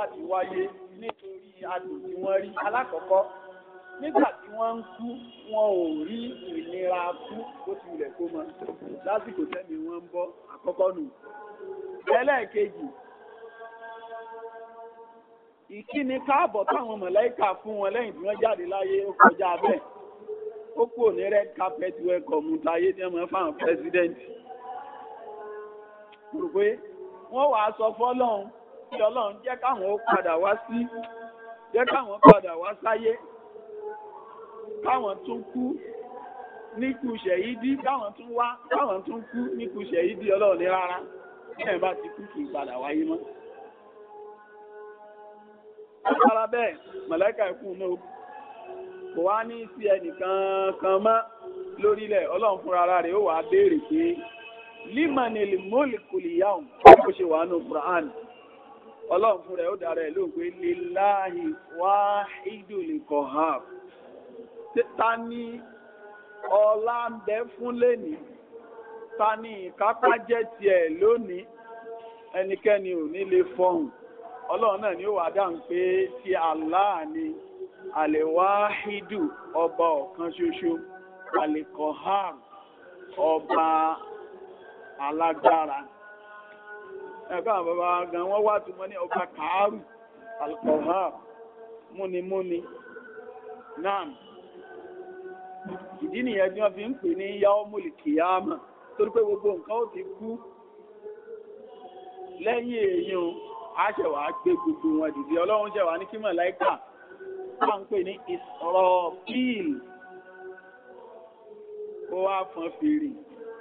láti wáyé nítorí adùn tí wọ́n rí alákọ̀ọ́kọ́ nígbà tí wọ́n ń kú wọn ò rí ìnira kú bó ti wulẹ̀ kó mọ lásìkò tẹ́mi wọ́n ń bọ́ àkọ́kọ́ nù. ẹlẹ́ẹ̀kejì ìkíni káàbọ̀ táwọn mọ̀lẹ́kà fún wọn lẹ́yìn tí wọ́n jáde láyé ó kọjá bẹ́ẹ̀ ó kúrò ní red carpet welcome táyé ní ọmọ fáwọn pẹ́sidẹ́ǹtì. wọ́n wàá sọ fọ́lọ́run sí ọlọ́run jẹ́ káwọn ó padà wá sí jẹ́ káwọn padà wá sáyé káwọn tún kú níkú ṣẹ̀yídí káwọn tún wá káwọn tún kú níkú ṣẹ̀yídí ọlọ́run ní rárá bẹ́ẹ̀ bá ti kú kì í padà wáyé mọ́. Agbára bẹ́ẹ̀ mọ̀lẹ́kà ikú náà kò wá ní sí ẹnìkan kan mọ́ lórílẹ̀ ọlọ́run fúnra rẹ̀ ó wàá béèrè pé límọ̀nìlì mọ́lìkùlì yáùn bó ṣe wà nù Kùránì. ọlọ́run fún rẹ̀ ó dára ẹ̀ lóògbé lillahi wahidul qahhar ta ni ọlá ń bẹ fún lẹ́ni ta ni ìkápá jẹ́ tiẹ̀ lónìí ẹnikẹ́ni ò ní lè fọ̀hùn. ọlọ́run náà ni ó wà dáhùn pé ti Allah ni àlèwáhídù ọba ọ̀kan ṣoṣo àlèkọ̀hár ọba alágbára. ẹ̀kọ́ àwọn bàbá gan wọ́n wá túnmọ́ ní ọba kàárù alkọ̀há múnimúni náà ìdí nìyẹn tí wọ́n fi ń pè ní yaomuli kìyàmà torí pé gbogbo nǹkan ó ti kú lẹ́yìn èèyàn á ṣẹ̀wà gbé gbogbo wọn dìde ọlọ́run ṣẹ̀wà ní kímọ̀ láìka wọ́n ń pè ní ìsọ̀rọ̀fíìl ó wá fọn fèrè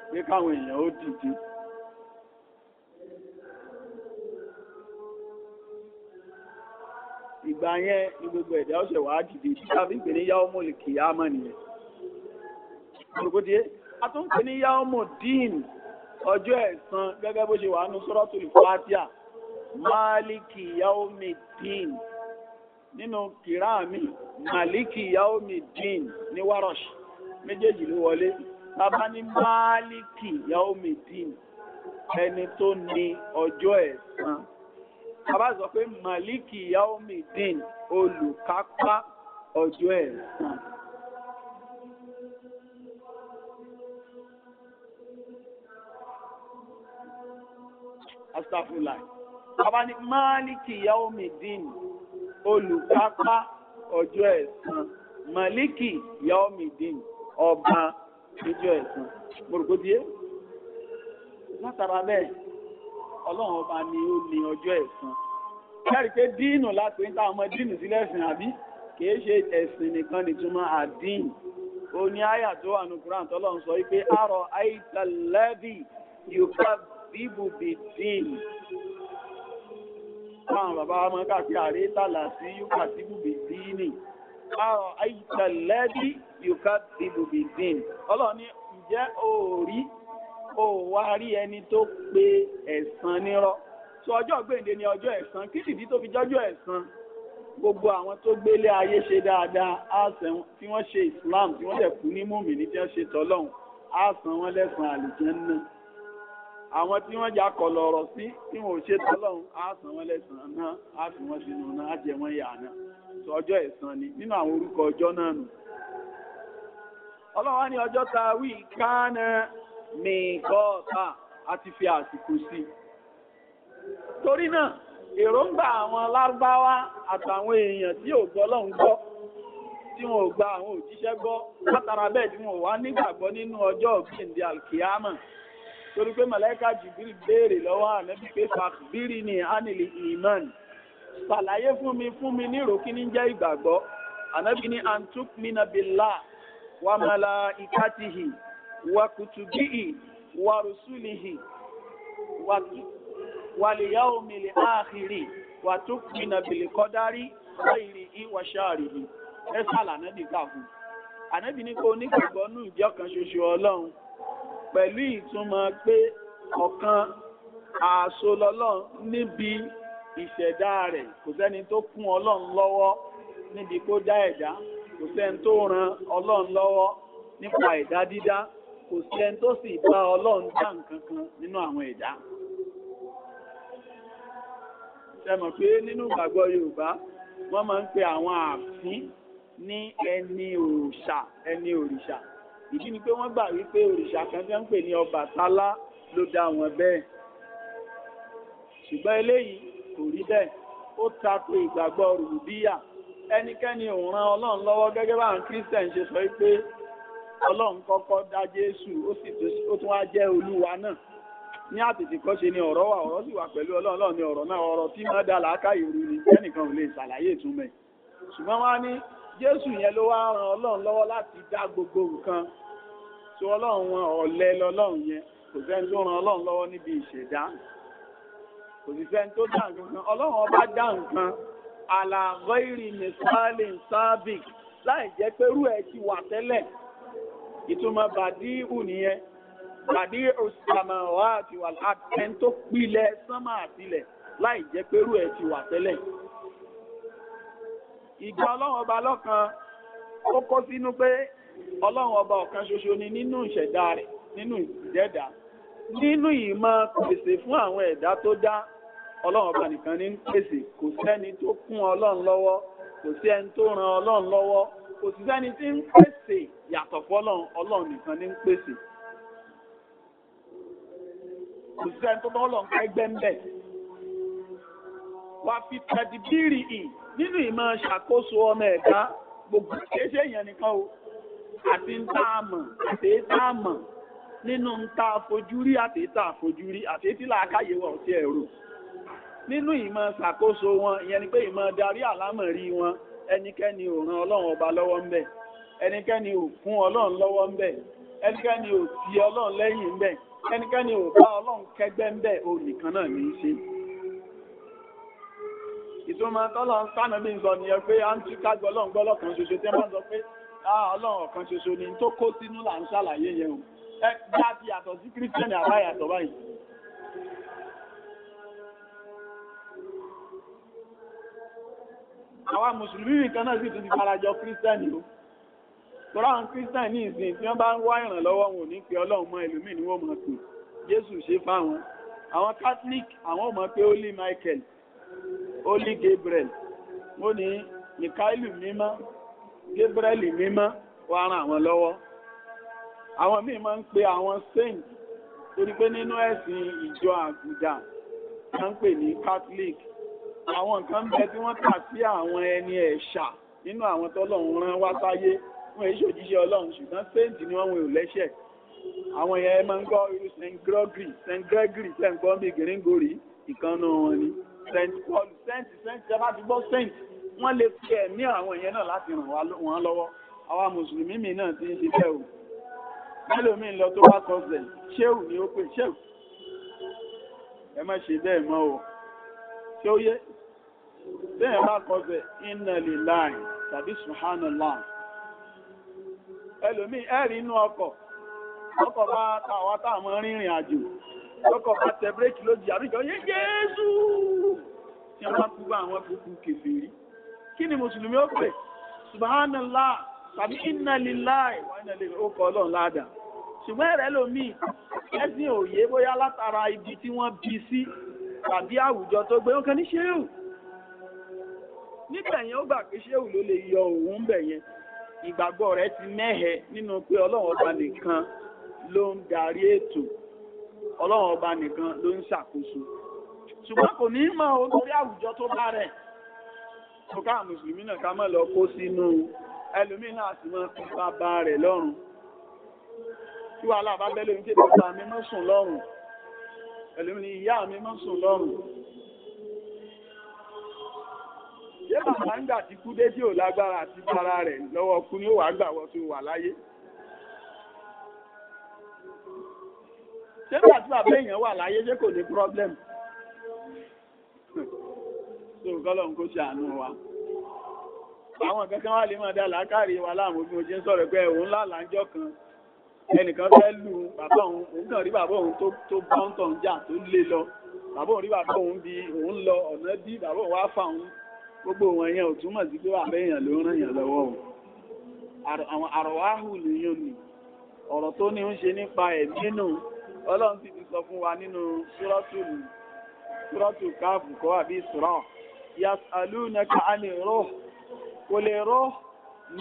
pé káwọn èèyàn ó dìde ìgbà yẹn ni gbogbo ẹ̀dá ọ̀sẹ̀ wàá dìde títà fi pè ní yaomul kiyama nìyẹn olùkódìé a tún pè ní yaomul dín ọjọ́ ẹ̀san gẹ́gẹ́ bó ṣe wà nù suratul Fatiha máàlìkì yaomi dín nínú kìráàmì màlìkì yaomi dín ní wárọ̀ṣ méjèèjì ló wọlé bàbá ní máàlìkì yaomi dín ẹni tó ní ọjọ́ ẹ̀san bàbá sọ pé màlíkì yaomidin olùkápá ọjọ́ ẹ̀san. astafula bàbá ní màlíkì yaomidin olùkápá ọjọ́ ẹ̀san màlíkì yaomidin ọba ọjọ́ ẹ̀san mo rò kó díẹ̀ látara bẹ́ẹ̀ ọlọ́run ọba ni ó ní ọjọ́ ẹ̀san kẹ́rì pé díìnù láti ń ta ọmọ díìnù sílẹ̀ ẹ̀sìn àbí kìí ṣe ẹ̀sìn nìkan nìtumọ̀ àdín ó ní àyà tó wà ní Qur'an tọ́lọ́run sọ wípé àrọ̀ àìtàlẹ́bì yóò bíbùbì dín àwọn bàbá wa máa káàkiri àrí tààlà sí yúkà tí bùbì dín ní àrọ̀ àìtàlẹ́bì yóò bíbùbì dín ọlọ́run ní ìjẹ́ òòrí o wá rí ẹni tó pe ẹ̀sán nírọ́ ọjọ́ gbèǹde ni ọjọ́ ẹ̀sán kí tó fi jọ́jọ́ ẹ̀sán gbogbo àwọn tó gbélé ayé ṣe dáadáa àsàn tí wọ́n ṣe Islam tí wọ́n dẹ̀ kú ní mùmìnì tí wọ́n ṣe tọ́lọ́hún àsàn wọn àwọn tí wọ́n jà sí tí wọ́n ò ṣe tọ́lọ́hún àsàn wọn wọn àjẹ wọn yà ọjọ́ ni nínú àwọn orúkọ ọjọ́ náà nù ní ọjọ́ ta wí mi gọ́ọ̀tà àti fi àsìkò sí torí náà èròǹgbà àwọn lárúbáwá àtàwọn èèyàn tí ò gbọ́ lọ́hùn gbọ́ tí wọn ò gba àwọn òjíṣẹ́ gbọ́ látara bẹ́ẹ̀ tí wọn ò wá nígbàgbọ́ nínú ọjọ́ ògbìndì alkiyama torí pé màláíkà jìbìrì béèrè lọ́wọ́ ànábì pé fàkbírì ni anìlì iman ṣàlàyé fún mi fún mi ní ìrókí ní jẹ́ ìgbàgbọ́ ànábì ní antuk mina billah wa وكتبه ورسله واليوم الآخر وتؤمن بالقدر خيره وشره ẹsàlà ànábì kà fún ànábì ní kó nígbàgbọ́ nù ìjọ kan ṣoṣo ọlọ́run pẹ̀lú ìtumọ̀ pé ọ̀kan àṣọ lọ́lọ́run níbi ìṣẹ̀dá rẹ̀ kò sẹ́ni tó kún ọlọ́run lọ́wọ́ níbi kó dá ẹ̀dá kò sẹ́ni tó ran ọlọ́run lọ́wọ́ nípa ẹ̀dá dídá kò sí ẹni tó sì bá ọlọ́run dá nǹkan kan nínú àwọn ẹ̀dá ṣe mọ̀ pé nínú ìgbàgbọ́ yorùbá wọ́n máa ń pe àwọn ààfin ní ẹni òrìṣà ẹni òrìṣà ìdí ni pé wọ́n gbà wípé òrìṣà kan tí wọ́n ń pè ní Ọbàtálá ló dá wọn bẹ́ẹ̀ ṣùgbọ́n eléyìí kò rí bẹ́ẹ̀ ó tako ìgbàgbọ́ rùbíyà ẹnikẹ́ni ò ran ọlọ́run lọ́wọ́ gẹ́gẹ́ báwọn kírísítẹ̀ ń ṣe sọ wípé ọlọ́run kọ́kọ́ dá jésù ó sì tún wá jẹ́ olúwa náà ní àtètèkọ́ṣe ni ọ̀rọ̀ wà ọ̀rọ̀ sì wà pẹ̀lú ọlọ́run ni ọ̀rọ̀ náà ọ̀rọ̀ tí máa dá làákà ìrù ni ẹnìkan ò lè ṣàlàyé ìtumẹ̀ ṣùgbọ́n wá ní jésù yẹn ló wá ran ọlọ́run lọ́wọ́ láti dá gbogbo nǹkan tí ọlọ́run wọn ọ̀lẹ lọ́lọ́run yẹn kò sẹ́ni tó ran ọlọ́run lọ́wọ́ níbi ìṣẹ̀dá kò sì sẹ́ni tó dá nǹkan ọlọ́run ọba dá nǹkan àlàgọ́ ìrìn nìsálẹ̀ sábìk láì jẹ́ pé rú ẹ ti wà tẹ́lẹ̀ ìtumọ̀ bàdí ìhù nìyẹn bàdí òsàmọ̀wá àti àtẹn tó pilẹ̀ sánmà àtìlẹ̀ láì jẹ́ pérú ẹ̀ ti wà tẹ́lẹ̀ ìgbà ọlọ́run ọba lọ́kan ó kó sínú pé ọlọ́run ọba ọ̀kan ṣoṣo ni nínú ìṣẹ̀dá rẹ̀ nínú ìdẹ́dà nínú ìmọ̀ pèsè fún àwọn ẹ̀dá tó dá ọlọ́run ọba nìkan ní pèsè kò sẹ́ni tó kún ọlọ́run lọ́wọ́ kò sí ẹni tó ran ọlọ́run lọ́wọ́ kò sí sẹ́ni tí ń pèsè yàtọ̀ fọ́lọ́run ọlọ́run nìkan ní ń pèsè kò sí ẹni tó bá ọlọ́run ká ẹgbẹ́ ń bẹ̀ wà fi tẹ̀dìbírì ì nínú ìmọ̀ ṣàkóso ọmọ ẹ̀dá gbogbo ṣeéṣe èèyàn nìkan o àti ń tá a mọ̀ àti ń tá a mọ̀ nínú ń tá a rí àti ń tá a rí àti ń tí làákàyè wọ̀ sí ẹ̀rọ nínú ìmọ̀ ṣàkóso wọn ìyẹn ni pé ìmọ̀ darí àlámọ̀rí wọn ẹnikẹ́ni ò ran ọlọ́run ọba lọ́wọ́ ń bẹ̀ ẹnikẹ́ni ò fún ọlọ́run lọ́wọ́ ń bẹ̀ ẹnikẹ́ni ò ti ọlọ́run lẹ́yìn ń bẹ̀ ẹnikẹ́ni ò bá ọlọ́run kẹgbẹ́ ń bẹ̀ o nìkan náà ní í ṣe. ìtumọ̀ tọ́lọ̀ ń sànà bí n sọ nìyẹn pé à ń tú ká gbọ́ ọlọ́run gbọ́ ọlọ́kan ṣoṣo tí wọ́n sọ pé ọlọ́run ọ̀kan ṣoṣo ni tó kó sínú là ń ṣàlàyé yẹn o ẹ gbá ti yàtọ̀ sí kírísítẹ́nì àbáyàtọ̀ báyìí. àwa mùsùlùmí nìkan náà sì tún ti farajọ kírísítẹ́nì o koran kristian ní ìsìn tí wọ́n bá ń wá ìrànlọ́wọ́ wọn ò ní pe ọlọ́run mọ́ ẹlòmíì ni wọ́n mọ̀ pé jésù ṣe fáwọn àwọn catholic àwọn ò pé holy michael holy gabriel wọ́n ní mikailu mímọ́ gabriel mímọ́ wàá ran àwọn lọ́wọ́ àwọn míì máa ń pe àwọn saint torí pé nínú ẹ̀sìn ìjọ àgùdà wọ́n ń pè ní catholic àwọn nǹkan bẹ tí wọ́n kà sí àwọn ẹni ẹ̀ṣà nínú àwọn tọ́lọ́run rán wá sáyé fún èyí ṣòjíṣẹ́ ọlọ́run ṣùgbọ́n sẹ́ǹtì ni wọ́n wọ ìlẹ́ṣẹ̀ àwọn yẹn ẹ máa ń gbọ́ irú st gregory st gregory tẹ̀ ń gbọ́ bíi gíríngòrí ìkànnà wọn ni st paul st st ṣe bá ti gbọ́ st wọ́n lè fi ẹ̀mí àwọn yẹn náà láti ràn wọ́n lọ́wọ́ àwa mùsùlùmí mi náà ti ń ṣiṣẹ́ o mélòmíì lọ tó bá sọ̀sẹ̀ ṣéwù ni ó pè ṣéwù ẹ má ṣe bẹ́ẹ̀ mọ́ o ṣé ó yé bẹ́ẹ̀ bá kọsẹ̀ iná lè láàyè tàbí subhanallah ẹlòmíì ẹ̀rí inú ọkọ̀ ọkọ̀ bá tàwa táàmọ́ rìnrìn àjò ọkọ̀ bá tẹ bírèkì lójì àríjọ yé Jésù tí wọ́n kú bá àwọn kúkú kèfèrí kí ni mùsùlùmí ó pè subhanallah tàbí inna wa inna ilaihi ó kọ́ ọlọ́run ládàá ṣùgbọ́n ẹ̀rẹ́ lómi ẹ̀sìn òye bóyá látara ibi tí wọ́n bí sí tàbí àwùjọ tó gbé ọkàn ní ṣéhù níbẹ̀ ó gbà pé ṣéhù ló lè yọ òun bẹ̀ ìgbàgbọ́ rẹ̀ ti mẹ́hẹ̀ nínú pé ọlọ́run ọba nìkan ló ń darí ètò ọlọ́run ọba nìkan ló ń ṣàkóso ṣùgbọ́n kò ní mọ̀ ó lórí àwùjọ tó bá rẹ̀ kò ká mùsùlùmí náà ká má lọ kó sínú ẹlòmíì náà sì mọ́ fún bàbá rẹ̀ lọ́rùn tí wàhálà bá bẹ́ẹ̀ lóyún tí èdè ọ̀sán mi mọ́ sùn lọ́rùn ẹlòmíì ìyá mi mọ́ sùn lọ́rùn ṣé bàbá ń gbà tí kú dé tí ò lágbára àti para rẹ̀ lọ́wọ́ kú ni ó wàá gbà wọ́n tó wà láyé. ṣé bàbá tí bàbá èèyàn wà láyé ṣé kò ní problem. so kọ́lọ́n kó ṣàánú wa. àwọn kankan wà lè máa dá làákàrí wa láàmú bí mo ṣe ń sọ̀rọ̀ pé òun lálàájọ́ kan ẹnìkan fẹ́ lù bàbá òun òun kàn rí bàbá òun tó bọ́ńtọ̀ ń jà tó lé lọ bàbá òun rí bàbá òun bí òun lọ ọ̀nà bí bàbá òun wá fà òun gbogbo wọn yẹn ò túmọ̀ sí pé àbẹ́yàn ló ń ràn yàn lọ́wọ́ o àwọn àrọ̀wáhù nìyẹn ni ọ̀rọ̀ tó ní ń ṣe nípa ẹ̀mí nù ọlọ́run ti ti sọ fún wa nínú ṣúrọ́tù káàfù kọ́ àbí ìṣúra yas alúnaka a lè rọ́ kò lè rọ́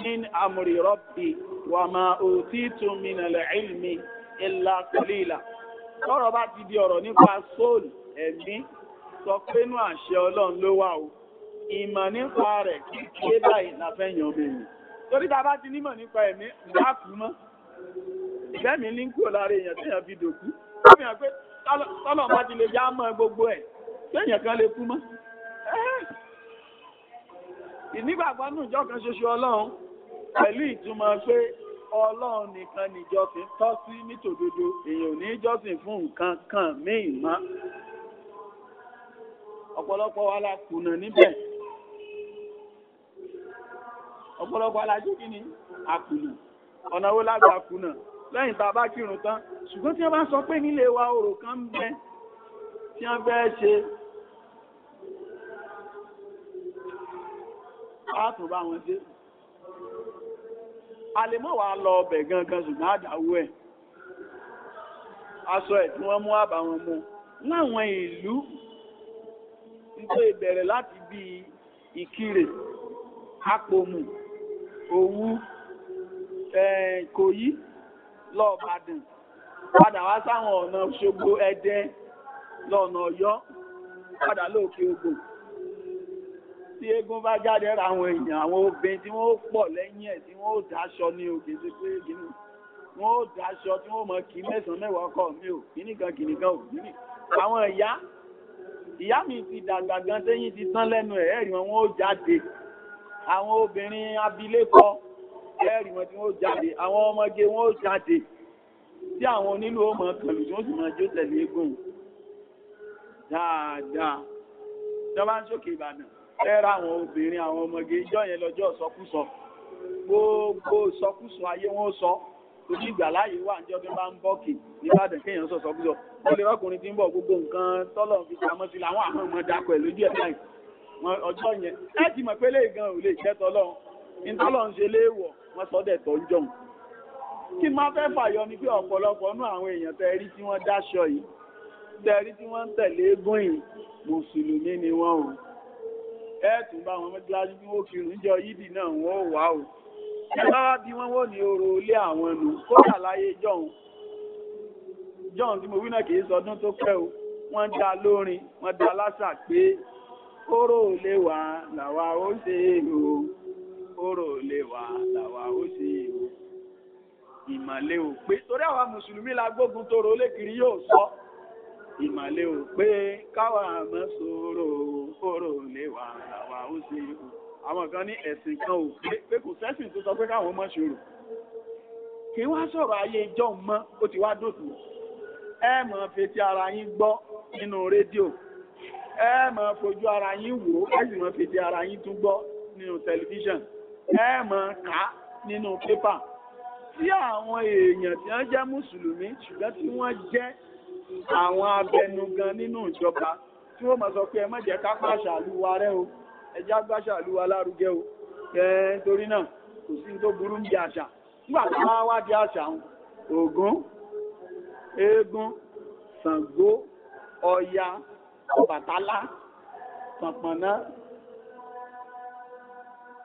min amri rabbi wa ma utitum min al-ilmi illa qalila tọ́rọ̀ bá ti di ọ̀rọ̀ nípa sóòlù ẹ̀mí sọ pé nú àṣẹ ọlọ́run ló wà o ìmọ̀ nípa rẹ̀ kí kí báyìí la fẹ́ yan ọmọ èèyàn torí ta bá ti nímọ̀ nípa ẹ̀mí ìyá kú mọ́ ìfẹ́mi ní kúrò lára èèyàn tí èèyàn fi dòkú ó fi hàn pé tọ́lọ̀ bá ti lè já mọ́ gbogbo ẹ̀ téèyàn kan lè kú mọ́ ìnígbàgbọ́ nù ìjọ kan ṣoṣo ọlọ́run pẹ̀lú ìtumọ̀ pé ọlọ́run nìkan nìjọsìn tọ́ sí nítòdodo èèyàn ò ní jọ́sìn fún nǹkan kan míì mọ́ ọ̀pọ̀lọpọ̀ wa la kùnà níbẹ̀ ọ̀pọ̀lọpọ̀ alájẹ́ kí ni àkùnà ọ̀nà wo lágbà àkùnà lẹ́yìn tá a bá kírun tán ṣùgbọ́n tí wọ́n bá sọ pé nílé wa orò kan ń bẹ tí wọ́n fẹ́ ṣe pàtó bá wọn ṣe a lè wa lọ ọbẹ̀ gangan ṣùgbọ́n àdáwó ẹ̀ aṣọ ẹ̀ tí wọ́n mú àbá wọn mú láwọn ìlú nítorí bẹ̀rẹ̀ láti bí ìkirè àpòmù Òwu Ìkòyí eh, lọ Ìbàdàn padà wá sáwọn ọ̀nà Òṣogbo Ẹdẹ lọ́nà Ọ̀yọ́ padà lóòkè Ògùn tí eégún bá jáde ra àwọn èèyàn àwọn obìnrin tí wọ́n pọ̀ lẹ́yìn ẹ̀ tí wọ́n ó dáṣọ ní òkè tó pé gínú wọ́n ó dáṣọ tí wọ́n mọ̀ kí mẹ́sàn-án mẹ́wàá ọkọ mi ò kíníkan kíníkan ò kíní àwọn ìyá ìyá mi ti dàgbà gan sẹ́yìn ti tán lẹ́nu ẹ̀ ẹ̀rí wọn ó jáde àwọn obìnrin abilékọ ẹ̀rì wọn tí wọ́n jáde àwọn ọmọge wọn ó jáde tí àwọn onílù ó mọ kàlù tí wọ́n sì mọ jó tẹ̀lé eégún dáadáa tí wọ́n bá ń sókè Ìbàdàn ẹ̀rà àwọn obìnrin àwọn ọmọge ìjọ yẹn lọ́jọ́ sọkúsọ gbogbo sọkúsọ ayé wọn sọ ojú ìgbà láàyè wà níjọ́ bí wọ́n bá ń bọ́ọ̀kì nìbàdàn kéèyàn sọ sọkúsọ wọ́n lè rọ́kùnrin tí ń bọ̀ gbogbo nǹkan tọ́lọ̀ fi pamọ́ sí làwọn àwọn ọmọ dákọ̀ ẹ̀ lójú ẹ̀ báyìí ọjọ́ yẹn láti mọ̀ pé léè gan ò lè jẹ́ tọ́lọ́run ìtọ́lọ́run ṣe léèwọ̀ wọ́n sọ dẹ̀ tó ń jọun kí máa fẹ́ fàyọ ni pé ọ̀pọ̀lọpọ̀ nú àwọn èèyàn tẹ́rí tí wọ́n dáṣọ yìí tẹ́rí tí wọ́n ń tẹ̀lé eégún yìí mùsùlùmí ni wọ́n o ẹ tún bá wọn mẹ́tíláṣí bí wọ́n fi rúnjọ yídì náà wọ́n ò wá o ẹ lọ́wọ́ bí wọ́n wò ní orò ilé àwọn nù kódà láyé jọ̀hún jọ̀hún tí mo wí náà kì í sọdún tó pẹ́ o wọ́n dá lórin wọ́n dá lásà pé Oro lè wà làwa ó ṣe é o kóró lè wa làwa ó ṣe é o ìmàlẹ́ ò pé torí àwa mùsùlùmí la gbógun tóró lékiri yóò sọ ìmàlẹ́ ò pé káwa àmọ́ sọ̀rọ̀ kóró lè wà làwa ó ṣe o àwọn kan ní ẹ̀sìn kan ò pé pé kò sẹ́sìn tó sọ pé káwọn mọ̀ ṣòro kì í wá sọ̀rọ̀ ayé ìjọ mọ́ ó ti wá dòtò ẹ mọ̀ fetí ara yín gbọ́ nínú rédíò ẹ máa fojú ara yín wò ẹ sì máa fèdè ara yín tún gbọ́ nínú tẹlifíṣàn ẹ máa kà á nínú pépà tí àwọn èèyàn tí wọ́n jẹ́ mùsùlùmí ṣùgbọ́n tí wọ́n jẹ́ àwọn abẹnugan nínú ìjọba tí wọ́n máa sọ pé ẹ má jẹ́ ká pàṣà àlùwà rẹ o ẹ já gbàṣà àlùwà lárugẹ o ẹ torí náà kò sí tó burú ń bí àṣà nígbà tó bá wá di àṣà Ògún eégún Ṣàngó Ọya Ọbàtálá Ṣànpọ̀nná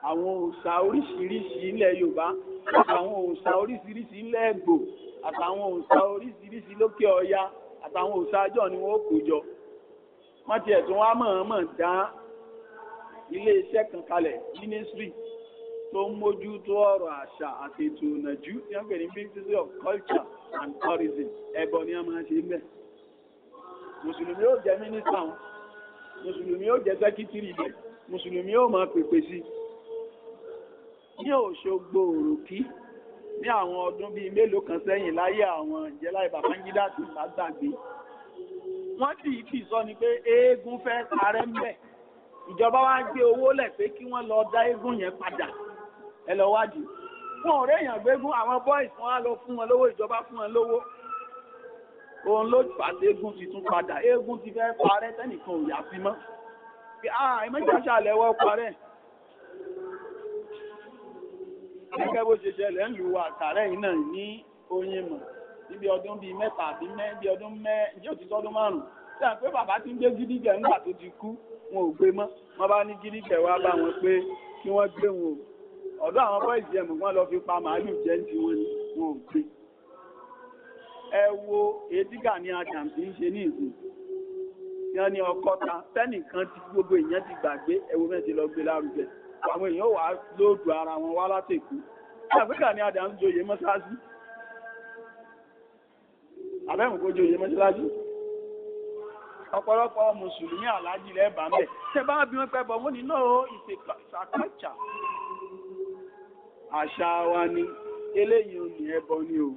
àwọn òòṣà oríṣiríṣi ilẹ̀ Yorùbá àtàwọn òòṣà oríṣiríṣi ilẹ̀ Ẹ̀gbò àtàwọn òòṣà oríṣiríṣi lókè Ọya àtàwọn òòṣà àjọ ni wọ́n kó jọ wọ́n tiẹ̀ tún wá mọ̀ọ́mọ̀ dá iléeṣẹ́ kan kalẹ̀ ministry tó ń mójútó ọ̀rọ̀ àṣà àti ètò ìnàjú tí wọ́n pè ní ministry of culture and tourism ẹ̀bọ̀ ni wọ́n máa ṣe bẹ́ẹ̀ mùsùlùmí ó jẹ́ mínísítà wọn mùsùlùmí ó jẹ́ sẹ́kítírì ilẹ̀ mùsùlùmí ó máa pèpè sí ní Òṣogbo Òròkí ní àwọn ọdún bíi mélòó kan sẹ́yìn láyé àwọn ìjẹ́láì Babangida ti lágbàgbé wọ́n sì ti sọ ni pé eégún fẹ́ sáré mbẹ̀ ìjọba wa gbé owó lẹ̀ pé kí wọ́n lọ dá eégún yẹn padà ẹ lọ wádìí wọn ò réèyàn gbégún àwọn boys wọn á lọ fún wọn lówó ìjọba fún wọn lówó òun ló pàṣẹ eégún ti tún padà eégún ti fẹ́ parẹ́ tẹ́nìkan ò yá sí mọ́ pé a ah, ìmọ̀jà ṣàlẹ̀ wọ́ parẹ́ gẹ́gẹ́ bó ṣe ṣẹlẹ̀ ń lu àkàrẹ́ yìí náà ní oyin mọ̀ níbi ọdún bíi mẹ́ta àbí mẹ́ bíi ọdún mẹ́ yóò ti tọ́dún márùn-ún ṣe àpé bàbá ti ń gbé gídígẹ̀ nígbà tó ti kú wọn ò gbé mọ́ wọ́n bá ní gídígẹ̀ wá bá wọn pé kí wọ́n gbé wọn o ọ̀dọ́ àwọn bọ́ìsì ẹ̀mù wọn lọ fi pa màálù jẹ́ ní tiwọn ni wọn ò gbé ẹ wo ni ní àjàǹtí ń ṣe ní ìsìn yẹn ní ọkọta tẹnìkan tí gbogbo èèyàn ti gbàgbé ẹwọ mẹ́ta lọ gbé lárugẹ àwọn èèyàn wà lóòdù ara wọn wá látẹkù ni ní àjàǹtí joyè mọ́ṣáláṣí àbẹ́mù kó joyè mọ́ṣáláṣí ọ̀pọ̀lọpọ̀ mùsùlùmí aláàjì lẹ́bàá mẹ́ tẹ bá bí wọ́n pẹ́bọ̀ wọ́n ní náà ìsàkàṣà àṣà wa ni eléyìí ò ní ẹbọ ni o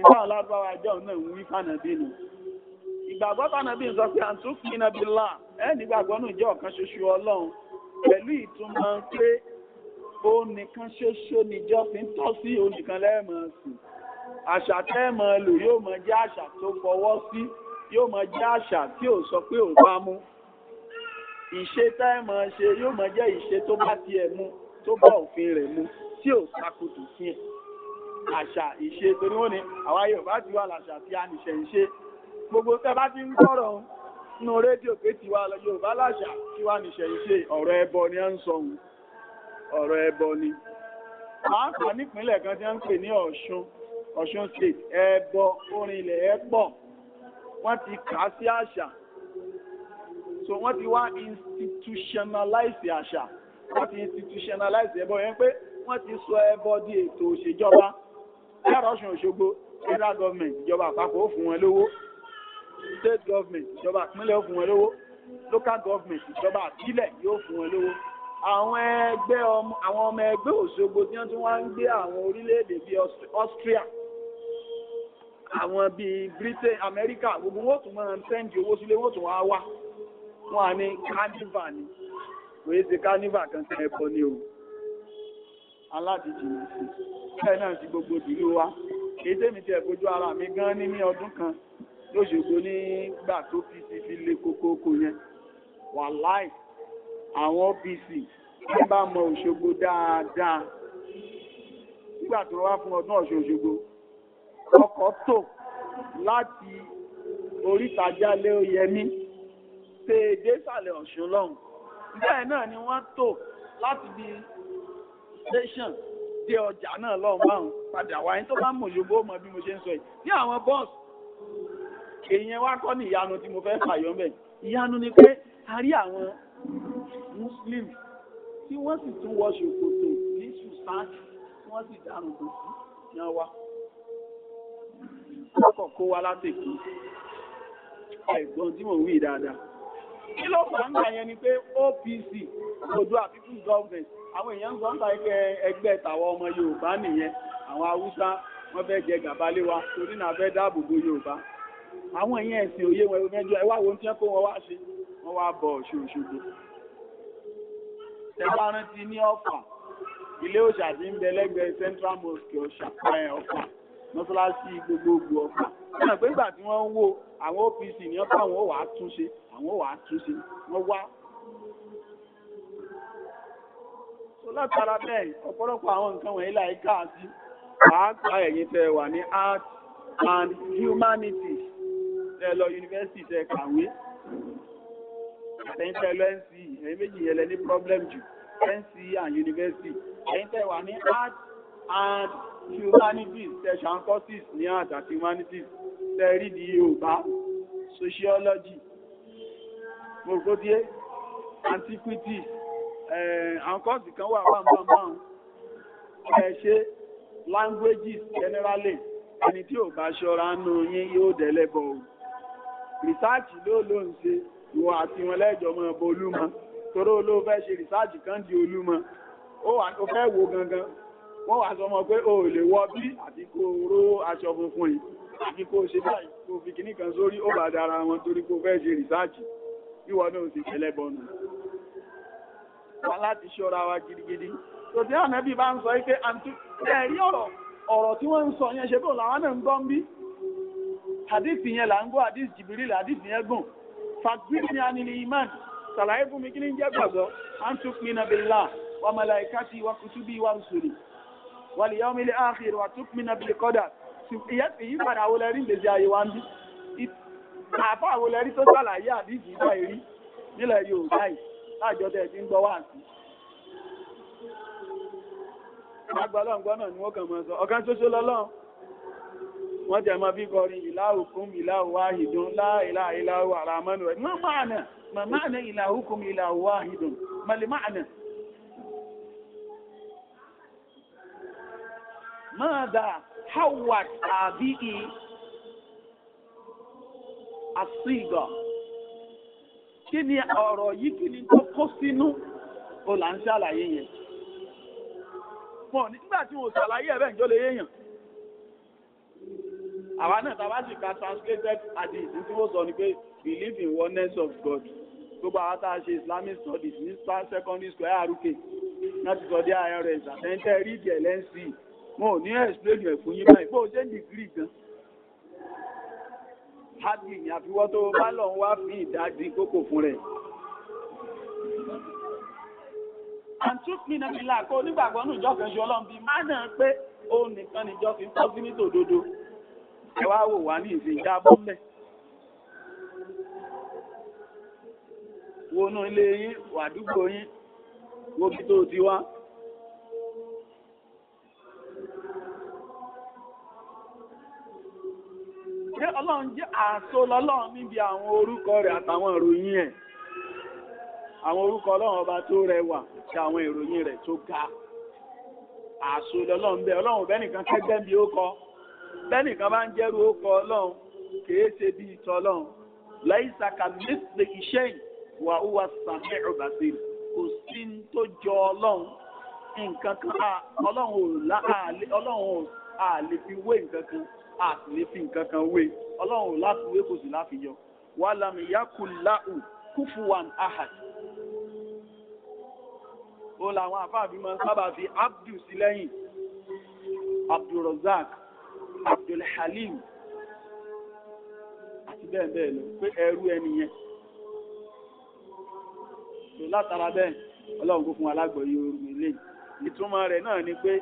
ìbá ọlọ́dúnwá ẹjọ́ náà ń wí fànàbí nù ìgbàgbọ́ fànàbí sọ pé àtúnkù iná ẹ nígbàgbọ́ náà jẹ́ ọ̀kan ṣoṣo ọlọ́run pẹ̀lú ìtumọ̀ pé ó nìkan ṣoṣo níjọ́sìn tọ́ sí onìkan lẹ́ẹ̀mọ̀ sùn àṣà tẹ́ẹ̀mọ̀ lò yóò mọ jẹ́ àṣà tó fọwọ́ sí yóò mọ jẹ́ àṣà tí ò sọ pé ò bá mú ìṣe tẹ́ẹ̀mọ̀ ṣe yóò mọ jẹ́ ìṣe tó bá tiẹ̀ mú tó bá òfin rẹ̀ mú tí ò takò fi ẹ̀ àṣà ìṣe torí wọ́n ní àwa Yorùbá ti wà láṣà tí a nìṣẹ ìṣe gbogbo tẹ́ bá ti ń sọ̀rọ̀ nínú rédíò pé tiwa Yorùbá láṣà tiwa nìṣẹ ìṣe ọ̀rọ̀ ẹbọ ni à ń sọ òun ọ̀rọ̀ ẹbọ ni máa ń kà nípínlẹ̀ kan tí wọ́n ń pè ní Ọ̀ṣun Ọ̀ṣun state ẹbọ orin ilẹ̀ ẹ pọ̀ wọ́n ti kà á sí àṣà so wọ́n ti wá institutionalize àṣà wọ́n ti institutionalize ẹbọ yẹn pé wọ́n ti sọ ẹbọ di ètò òṣèjọba lẹ́rọ ọ̀ṣun òṣogbo federal government ìjọba àpapọ̀ ó fún wọn lówó state government ìjọba àpínlẹ̀ ó fún wọn lówó local government ìjọba àbílẹ̀ yóò fún wọn lówó àwọn ẹgbẹ́ àwọn ọmọ ẹgbẹ́ òṣogbo tí wọ́n tún wá ń gbé àwọn orílẹ̀-èdè bíi Austria àwọn bíi Britain America gbogbo wọn tún máa ń sẹ́ǹdì owó sílé wọn tún wá wá wọn à ní carnival ni kò yé ṣe carnival kan tẹ ni o aládìjì sí bẹ́ẹ̀ náà sí gbogbo ìlú wa èyí tèmi ti ẹ̀kójú ara mi gan ní ní ọdún kan lóṣogbo nígbà tó pc fi lé kókókó yẹn wà láì àwọn pc ní bá mọ òṣogbo dáadáa nígbà tó wá fún ọdún ọ̀ṣun òṣogbo ọkọ̀ tò láti orítajà oyẹmí tèèdé ọ̀ṣun lọ́hùn bẹ́ẹ̀ náà ni wọ́n tò láti bí station dé ọjà náà lọ́wọ́ márùn padà wáyé tó bá mọ̀ yògbó mọ̀ bí mo ṣe ń sọ yìí ní àwọn bọ́ọ̀sì èèyàn wá kọ́ ní ìyanu tí mo fẹ́ fàyọ mẹ́ ìyanu ni pé a rí àwọn muslim tí wọ́n sì tún wọ ṣòkòtò ní sùsáàtì wọ́n sì dárùn kò sí yan wa ọkọ̀ kó wa látẹ̀kú ẹ̀gbọ́n tí mò ń wí dáadáa kí ló fà ń gbà yẹn ni pé OPC Oòduà People's Government àwọn èèyàn ń sọ ń ta ẹgbẹ́ tàwọn ọmọ Yorùbá nìyẹn àwọn Haúsá wọ́n fẹ́ jẹ gàba lé wa torí náà fẹ́ dáàbò bo Yorùbá àwọn èèyàn ẹ̀sìn òye wọn mẹ́jọ ẹ wá wo tí wọ́n kó wọn wá ṣe wọ́n wá bọ Ọ̀ṣun Òṣogbo tẹ́lá rántí ní Ọ̀fà ilé òṣà ti ń bẹ lẹ́gbẹ̀ẹ́ Central Mosque ọ̀ṣà ọ̀fà mọ́ṣáláṣí gbogbogbò ọ̀fà náà pé nígbà tí wọ́n ń wo àwọn OPC ni wọ́n káwọn ó wà á túnṣe àwọn wà á túnṣe wọ́n wá. so látara bẹ́ẹ̀ ọ̀pọ̀lọpọ̀ àwọn nǹkan wọ̀nyí láì káàsì pàápàá ẹ̀yin tẹ́ wà ní art and humanities tẹ́ lọ yunifásitì tẹ́ kàwé ẹ̀yin tẹ́ lọ NC e, ẹ̀yin méjì yẹn lẹ ní problem jù NC e and university ẹ̀yin tẹ́ wà ní art and humanities tẹ́ ṣàǹkọ́sìs ní art àti humanities tẹ̀rí ní Yorùbá sociology mọ̀gbọ́díé antiquity eh, àwọn kọ́ọ̀sì kan wà pàmpàmpàm ẹ ṣe languages generally ẹni tí ò bá ṣọ́ra nù yín yóò dẹ̀lẹ́bọ̀ o rìsáàjì ló ló ń ṣe ìwọ àti wọn lẹ́jọ́ mọ́ ọba olúmọ toró ló fẹ́ ṣe rìsáàjì kan di olúmọ ó wà tó fẹ́ wo gangan wọ́n wà sọmọ pé o lè wọ bí àti kó ró aṣọ funfun yìí àti kó ṣe báyìí kó fi kìíní kan sórí ó bá dára wọn torí kó fẹ́ ṣe rìsáàjì ìwọ náà sì tẹ́lẹ̀ bọ̀nù wa láti ṣọ́ra wa gidigidi tó tí ànábì bá ń sọ pé àǹtí ẹ̀rí ọ̀rọ̀ ọ̀rọ̀ tí wọ́n ń sọ yẹn ṣe bóun làwọn náà ń gbọ́ ń bí hadith yẹn là ń gbọ́ hadith jìbìrì hadith yẹn gùn fagbíri ni a nílì iman sàlàyé fún mi kí ní jẹ́ gbàgbọ́ a ń tún pinna billah wa malaikati wa kutubi wa rusuli wal yawmil akhir wa tún pinna bil qadar èyí padà wọlẹ̀ rí lèzi ayé wa ń bí àbá àwọlẹ̀ rí tó sàlàyé àdíjì ìgbà èrí nílẹ̀ Yorùbá yìí láàjọ tẹ̀ ti ń gbọ́ wà sí. agbọ́lọ́ngbọ́ náà ni wọ́n kàn mọ́ sọ ọ̀kan ṣoṣo lọ́lọ́run wọ́n jẹ́ mọ́ bí kọrin ìlàhùkún ìdùn láìlà ìlàhù rẹ̀ حوت هذه الصيغة kí ni ọ̀rọ̀ yìí kí ni tó kó sínú o là ń ṣàlàyé yẹn mọ̀ nígbà tí wọ́n ṣàlàyé ẹ̀bẹ̀ ìjọ lè yéèyàn àwa náà tàbá sì ka translated hadith tí wọ́n sọ ni pé believe in oneness of God gbogbo àwọn tá a ṣe Islamic studies ní secondary school aruke láti sọ dé IRS àtẹ́ńtẹ́ rídìí ẹ̀ lẹ́ńsì wọn ò ní ẹ̀sìpléèdì ẹ̀ fún yín báyìí bó ṣe ń dìgírì gan hardly ni àfiwọ́ tó bá lọ wá fi ìdájí kókò fún rẹ̀ àtúntì náà nílà kó nígbàgbọ́ nù ìjọ kan ṣe ọlọ́run bíi má náà pé òun nìkan níjọ fi ń tọ́ sí nítòdodo ẹ wá wò wá ní ìsìn ìdá bọ́lẹ̀ wọnú ilé yín wàdúgbò yín wo bí tó ti wá pé ọlọ́run jẹ́ àṣọ lọ́lọ́run níbi àwọn orúkọ rẹ̀ àtàwọn ìròyìn ẹ̀ àwọn orúkọ ọlọ́run ọba tó rẹwà àti àwọn ìròyìn rẹ̀ tó ga àṣọ lọ́lọ́run bẹ́ẹ̀ ọlọ́run bẹ́nìkan kẹ́gbẹ́ bí ó kọ bẹ́nìkan bá ń jẹ́rú ó kọ ọlọ́run kìí ṣe bí ìtọ́ ọlọ́run láìsà kàmílẹ́sì iṣẹ́ wà ó sàmì ọ̀bàṣe kò sí tó jọ ọlọ́run nǹkan kan ọlọ́run ò lè fi wé nǹkan kan àti lè fi nǹkan kan wé ọlọ́run láti wé kò sí láfi yọ wàlámì yakuláhù kúfùwàn ahad ó làwọn àfáàbí máa ń sábà fi abdul sí lẹ́yìn abdulrozak abdulhalim àti bẹ́ẹ̀ bẹ́ẹ̀ lọ pé ẹrú ẹni yẹn tó látara bẹ́ẹ̀ ọlọ́run kó fún alágbọ̀yé orúkọ eléyìí ìtumọ̀ rẹ̀ náà ni pé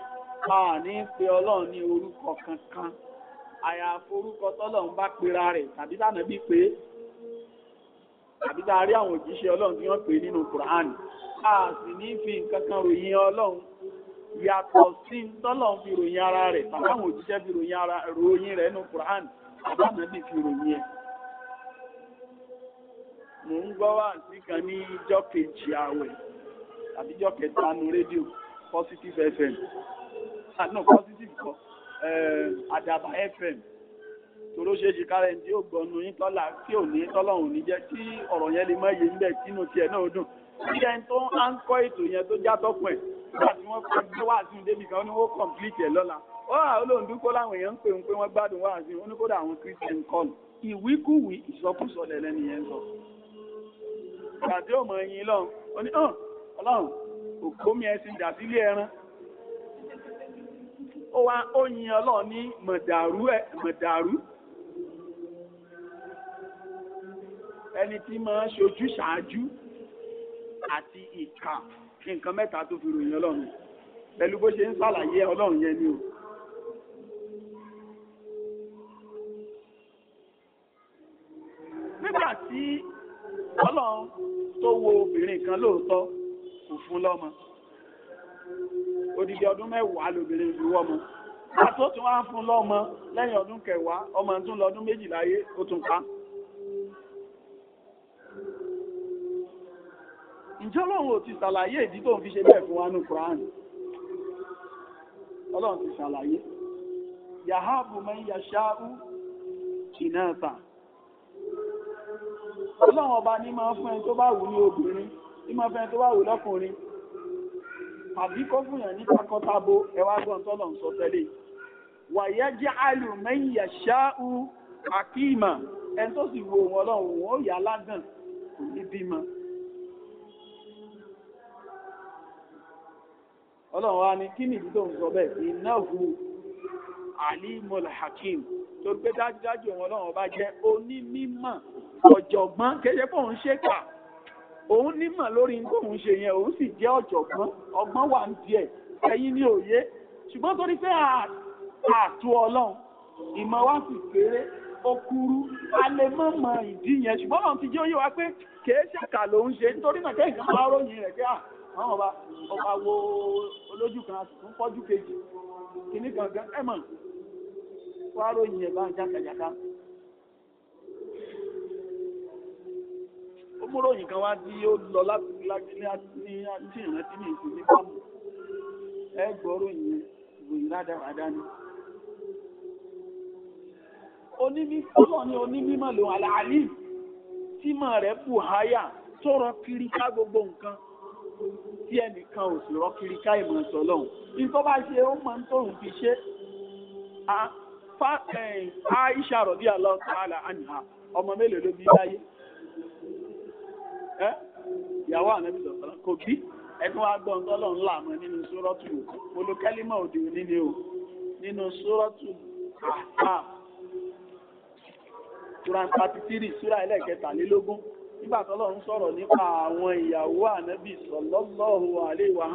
a ní pe ọlọ́run ní orúkọ kankan àyàfo orúkọ tọ́lọ̀ ń bá pera rẹ̀ tàbí tànà bí pé tàbí tá rí àwọn òjíṣẹ́ ọlọ́run tí wọ́n pè nínú Quran a sì ní fi nǹkan kan ròyìn ọlọ́run yàtọ̀ sí tọ́lọ̀ fi ròyìn ara rẹ̀ tàbí àwọn òjíṣẹ́ fi ròyìn ara ròyìn rẹ̀ nínú Quran tàbí àná bí fi ròyìn ẹ̀. mò ń gbọ́ wá sí kan ní ìjọ kejì àwẹ̀ tàbí ìjọ kẹta nu rédíò positive fm ah, àdàbà eh, fm tòró ṣe ṣe kárẹ̀ tí ó gbọ́nu yín tọ́lá tí ò ní tọ́lọ́hùn ní jẹ́ tí ọ̀rọ̀ yẹn lè mọ́yé ń bẹ̀ sínú tiẹ̀ náà dùn tí ẹni tó ń à ń kọ́ ètò yẹn tó já tọ́kùn ẹ̀ nígbà tí wọ́n fẹ́ gbé wáàsí débi kan ni ó kọ̀m̀plìtì ẹ̀ lọ́la ó rà ó lòun dúkọ́ láwọn èèyàn ń pè ń pé wọ́n gbádùn wáàsí ó ní kódà àwọn christian call ìwíkúwìí ìsọkúsọ lẹ́lẹ́ nìyẹn sọ ó wá ó yin ọlọ́run ní mọ̀dàrú ẹ̀ mọ̀dàrú ẹni tí máa ṣojú ṣáájú àti ìkà nǹkan mẹ́ta tó fi ròyìn ọlọ́run pẹ̀lú bó ṣe ń ṣàlàyé ọlọ́run yẹn ni o. nígbà tí ọlọ́run tó wo obìnrin kan lóòótọ́ kò fún lọ́mọ. odidi ọdún mẹ́wàá lóbìnrin fi wọ́mọ àtó tún wá fún lọ́mọ lẹ́yìn ọdún kẹwàá ọmọ tún lọ́dún méjìlá ayé ó tún pa ǹjẹ́ ọlọ́run ò ti ṣàlàyé ìdí tó ń fi ṣe bẹ́ẹ̀ fún wa ní ọlọ́run ti ṣàlàyé yahabu ọlọ́run ọba ní máa fún ẹni tó àbí kó fún yàn ní takọtabo ẹwà gbọ́n tọ́lọ̀ ń sọ tẹ́lẹ̀ wàyẹ́ jẹ́ àlùmẹ́yà ṣáú àkíìmà ẹn tó sì wo wọn lọ́wọ́ wọn ó yà lágàn kò ní bímọ. ọlọ́run wa ni kí nìdí tó ń sọ bẹ́ẹ̀ ìnáhu alimul hakim tó gbé dájúdájú wọn lọ́wọ́ bá jẹ́ onímímọ̀ ọ̀jọ̀gbọ́n kéde pé òun ṣe kà òun nímọ̀ lórí ń tóun ṣe yẹn òun sì jẹ́ ọ̀jọ̀gbọ́n ọgbọ́n wà ń díẹ̀ ẹ̀yin ní òye ṣùgbọ́n torí pé àtò ọlọ́run ìmọ̀ wa sì kéré ó kúrú a lè mọ̀ mọ̀ ìdí yẹn ṣùgbọ́n náà ti jẹ́ òye wa pé kèé ṣàkà lòun ṣe nítorí náà kẹ́yìn kan máa rẹ̀ pé àwọn ọba ọba wo olójú kan a sì fọ́jú kejì kìnnìkan gan ẹ̀mọ̀ wá ròyìn ẹ̀ bá ń ó múrò yìí kan wá tí ó lọ láti láti ní àti ìrántí ní ìsìn ní ẹ gbọ́rò yìí ìròyìn rádaràdá ni. onímí ọlọ́ ni onímọ̀ ló àlàálì tímọ̀ rẹ̀ bù háyà tó rọ kiri ká gbogbo nǹkan tí ẹnìkan ò sì rọ kiri ká ìmọ̀ ìsọ̀lọ́hún nǹkan bá ṣe ó máa ń tóun fi ṣe eh, Aisha rọ̀bí àlọ́ sàálà àníhà ọmọ mélòó ló bí láyé. ẹ́ ìyàwó ànábì sọ̀tọ̀lá kò bí ẹni wá gbọ́n tọ́lọ̀ ńlá àmọ́ nínú sórọ́tù olùkẹ́límọ̀ òdì òní ni o nínú sórọ́tù àfà turan thirty three súra ẹlẹ́kẹtàlélógún nígbà tọ́lọ̀ ń sọ̀rọ̀ nípa àwọn ìyàwó ànábì sallallahu alaihi wa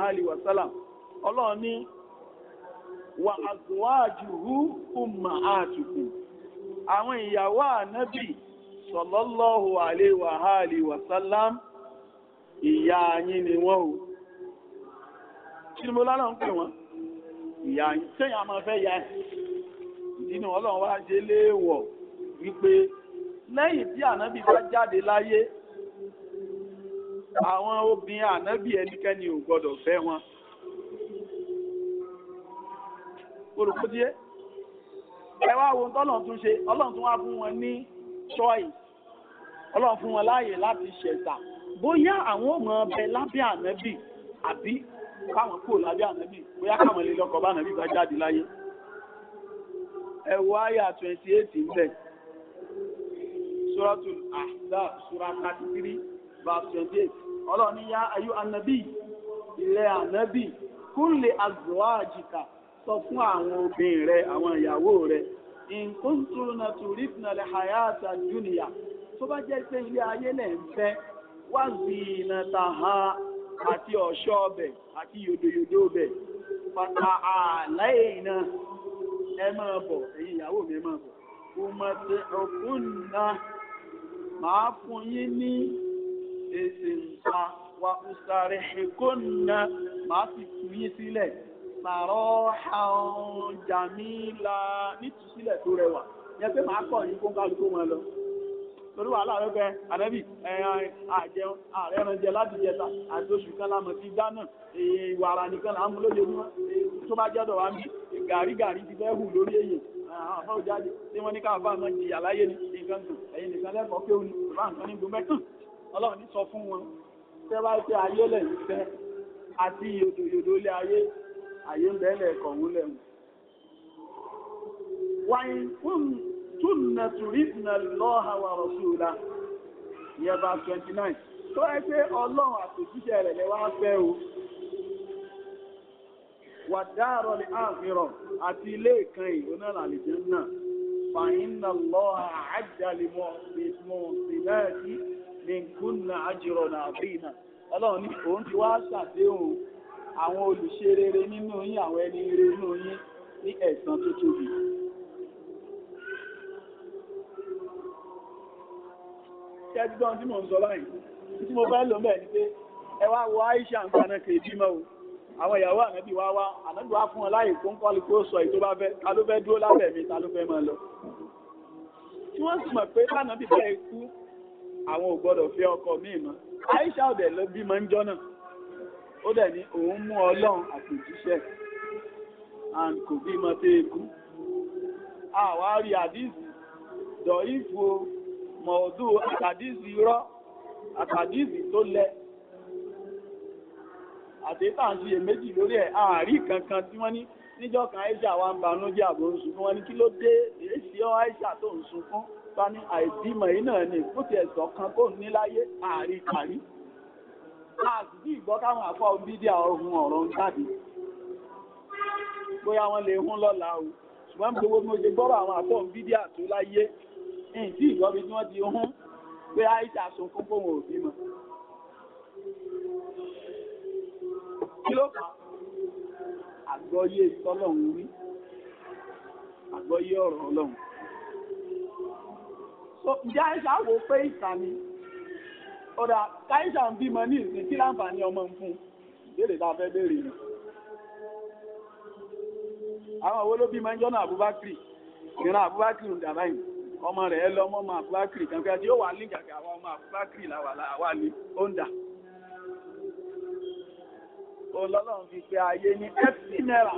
sọlọ́lọ́hù àléwà àlè wàsálàm ìyá yín ni wọ́n o kí ni mo lánà ń pè wọ́n ìyá yín sẹ́yìn àmọ́ fẹ́ yá ìdínà ọlọ́run wá ṣe léèwọ̀ wípé lẹ́yìn tí ànábì bá jáde láyé àwọn obìnrin ànábì ẹnikẹ́ni ò gbọ́dọ̀ fẹ́ wọn olùkọ́díé ẹ wá wo tọ́lọ̀ tún ṣe ọlọ́run tún wá fún wọn ní choice ọlọ́run fún wọn láàyè láti ṣẹ̀dá bóyá àwọn ọmọ ọbẹ̀ lábẹ́ ànábì àbí káwọn kúrò lábẹ́ ànábì bóyá káwọn lè lọ́kọ̀ bá ànábì bá jáde láyé ẹ wo àyà 28 ń bẹ̀ suratul ahzab sura 33 verse 28 ọlọ́run ní yá ayú ànábì ilẹ̀ ànábì kúnlẹ̀ azọ́àjìkà sọ fún àwọn obìnrin rẹ̀ àwọn ìyàwó rẹ̀ nkuntuna turifna le hayata dunia tó bá jẹ́ pé ilé ayé zina taha àti ọ̀ṣọ́ ọbẹ̀ yodo yodo ọbẹ̀ pàtà àlàyéna ẹ máa bọ̀ eyi yawo mi ẹ máa bọ̀ kùmọ̀tì ọ̀kùnà màá fún yín ní wa ọ̀sàrẹ̀ ẹ̀kọ́ nà ma sì fún sàrọ́hà jàmílà nítúsílẹ̀ tó rẹwà yẹn pé màá kọ̀ yín kó ń kálukú wọn lọ torí wàhálà rẹ bẹ àrẹ́bì ẹ̀yàn àjẹun ààrẹ ẹranjẹ láti jẹta àti oṣù kan lámọ̀ sí dáná èyí wàrà nìkan là ń mú lójoojúmọ́ tó bá jẹ́ dọ̀wá mi gàrí gàrí ti fẹ́ hù lórí èyàn àwọn àfọ́ òjáde tí wọ́n ní káwọn bá máa jìyà láyé ní nǹkan tó ẹ̀yìn nìkan lẹ́kọ̀ọ́ pé òun bá nǹkan ní gbọmẹ́ kàn ọlọ́run ní sọ fún wọn tẹ́ bá ṣe ayé lẹ̀ ń fẹ́ àti yòdòyòdò ilé ayé àyè ń bẹ́ẹ̀ lẹ́ẹ̀kọ̀ ń lẹ́wọ̀n. wàyí fún túnà ha lọ́ha wà rọ̀ṣùlá ìyẹn 29 tó ẹ pé ọlọ́run àtòjíṣẹ́ rẹ̀ lè fẹ́ o. wà dáàrọ̀ ní àfihàn àti ilé ìkan ìgbóná làlìjẹ́ náà fàyín nà ìmọ̀ ìlẹ́ẹ̀kí ní kúnnà nà àbí ọlọ́run ní òun ti wá ṣàdéhùn àwọn olùṣe rere nínú yín àwọn ẹni rere nínú yín ní ẹ̀san tó tóbi. kẹ́gbọ́n tí mò ń sọ báyìí tí mo fẹ́ lò mẹ́ẹ̀ ni pé ẹ wá wo Aisha ń paná kè bímọ o àwọn ìyàwó ànábì wá wá ànábì wá fún ọ láyè kó ń kọ́lu kó sọ èyí bá fẹ́ ta ló fẹ́ dúró lábẹ́ mi ta ló fẹ́ máa lọ. tí wọ́n sì mọ̀ pé ànábì bẹ́ẹ̀ kú àwọn ò gbọ́dọ̀ fẹ́ ọkọ míì mọ́ Aisha ọ̀dẹ̀ ló bímọ ń jọ́ ó dẹ̀ ní òun mú ọlọ́run àti òjíṣẹ́ and kò bí mọ tẹ́ eku àwa rí àdíìsì dọ̀ ìfò mọ̀ọ́dù àtàdíìsì rọ́ àtàdíìsì tó lẹ àtẹ́tà ń ṣe méjì lórí ẹ̀ àárí kankan tí wọ́n ní níjọ́ kan aisha wa ń banújẹ́ àbò ń sunkún wọn ní kí ló dé èsì ọ aisha tó ń sunkún bá ní àìbímọ yìí náà ni kó tiẹ̀ sọ̀kan kó ní láyé àárí kàrí àdìdí ìgbọ́ káwọn àfọ bídíà ọ̀hún ọ̀rọ̀ ń jáde bóyá wọ́n lè hún lọ́la o ṣùgbọ́n gbogbo mo ṣe gbọ́rọ̀ àwọn àfọ bídíà tó láyé ìdí ìgbọ́ bí wọ́n ti hún pé àìsà sun fún fóun òbí mọ́ kí ló fà àgbọ́yé tọ́lọ́hún rí àgbọ́yé ọ̀rọ̀ ọlọ́hun so ǹjẹ́ àìsà wò pé ìsàmì ọ̀dà káyíṣà ń bímọ ní ìsìn kí láǹfààní ọmọ ń fún ìbéèrè tá a fẹ́ béèrè yìí àwọn owó ló bímọ ń jọ́nà àbúbákiri ìran àbúbákiri ń dàbá yìí ọmọ rẹ̀ lọ ọmọ ọmọ àbúbákiri kan fẹ́ tí ó wà ní gàgà àwọn ọmọ àbúbákiri làwà ní ó ń dà ọlọ́run fi pé ayé ní ẹ́fì náírà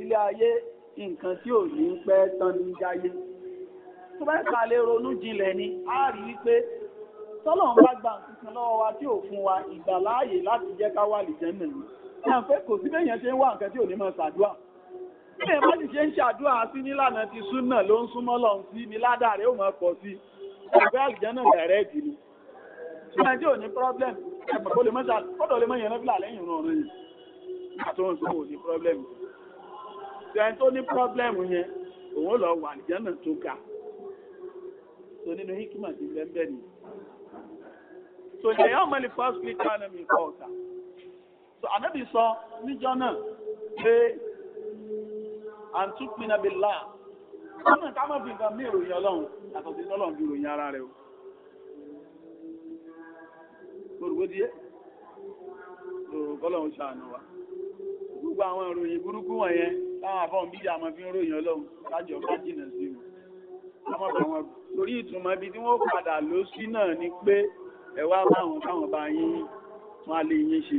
ilé ayé nǹkan tí ò ní pẹ́ tán ní jáyé tó bá ń kalẹ̀ ronú jinlẹ̀ ni a rí i pé tọ́lọ́run bá gba nǹkan lọ́wọ́ wa tí ò fún wa ìgbà láàyè láti jẹ́ ká wà lè jẹ́ nàní náà pé kò sí bẹ́yẹn ṣe ń wá nǹkan tí ò ní máa ṣàdúrà bí èèyàn bá sì ṣe ń ṣàdúrà sí nílànà ti súnà ló ń súnmọ́ lọ sí ni ládàrẹ́ ò máa pọ̀ sí ẹgbẹ́ àlùjẹ́nà bẹ̀rẹ̀ ìdì ni ṣùgbọ́n tí ò ní problem ẹ̀pọ̀ kó lè mọ́ṣà kọ́dọ̀ lè mọ́yẹn lọ́fílà lẹ́yìn ìran ọ̀run yìí tòjẹ́ yóò mọ̀ lè first week kánà mi kọ́ ọ̀tà. so ànábì sọ níjọ́ náà pé àǹtúpinna bíi láà ọmọ ìta mọ́ fi nǹkan mí ìròyìn ọlọ́run àtọ̀sí ọlọ́run bí ìròyìn ara rẹ̀ o lórúkọ díẹ̀ lórúkọ ọlọ́run ṣàánú wa gbogbo àwọn ìròyìn burúkú wọ̀nyẹn táwọn àbọ̀n bí àmọ́ fi ń ròyìn ọlọ́run lájọ bá jìnà sí o ọmọ bàwọn torí ìtumọ̀ ibi tí wọ́n padà lọ sí náà ni pé ẹ wá báwọn káwọn bá yín tún alẹ́ yín ṣe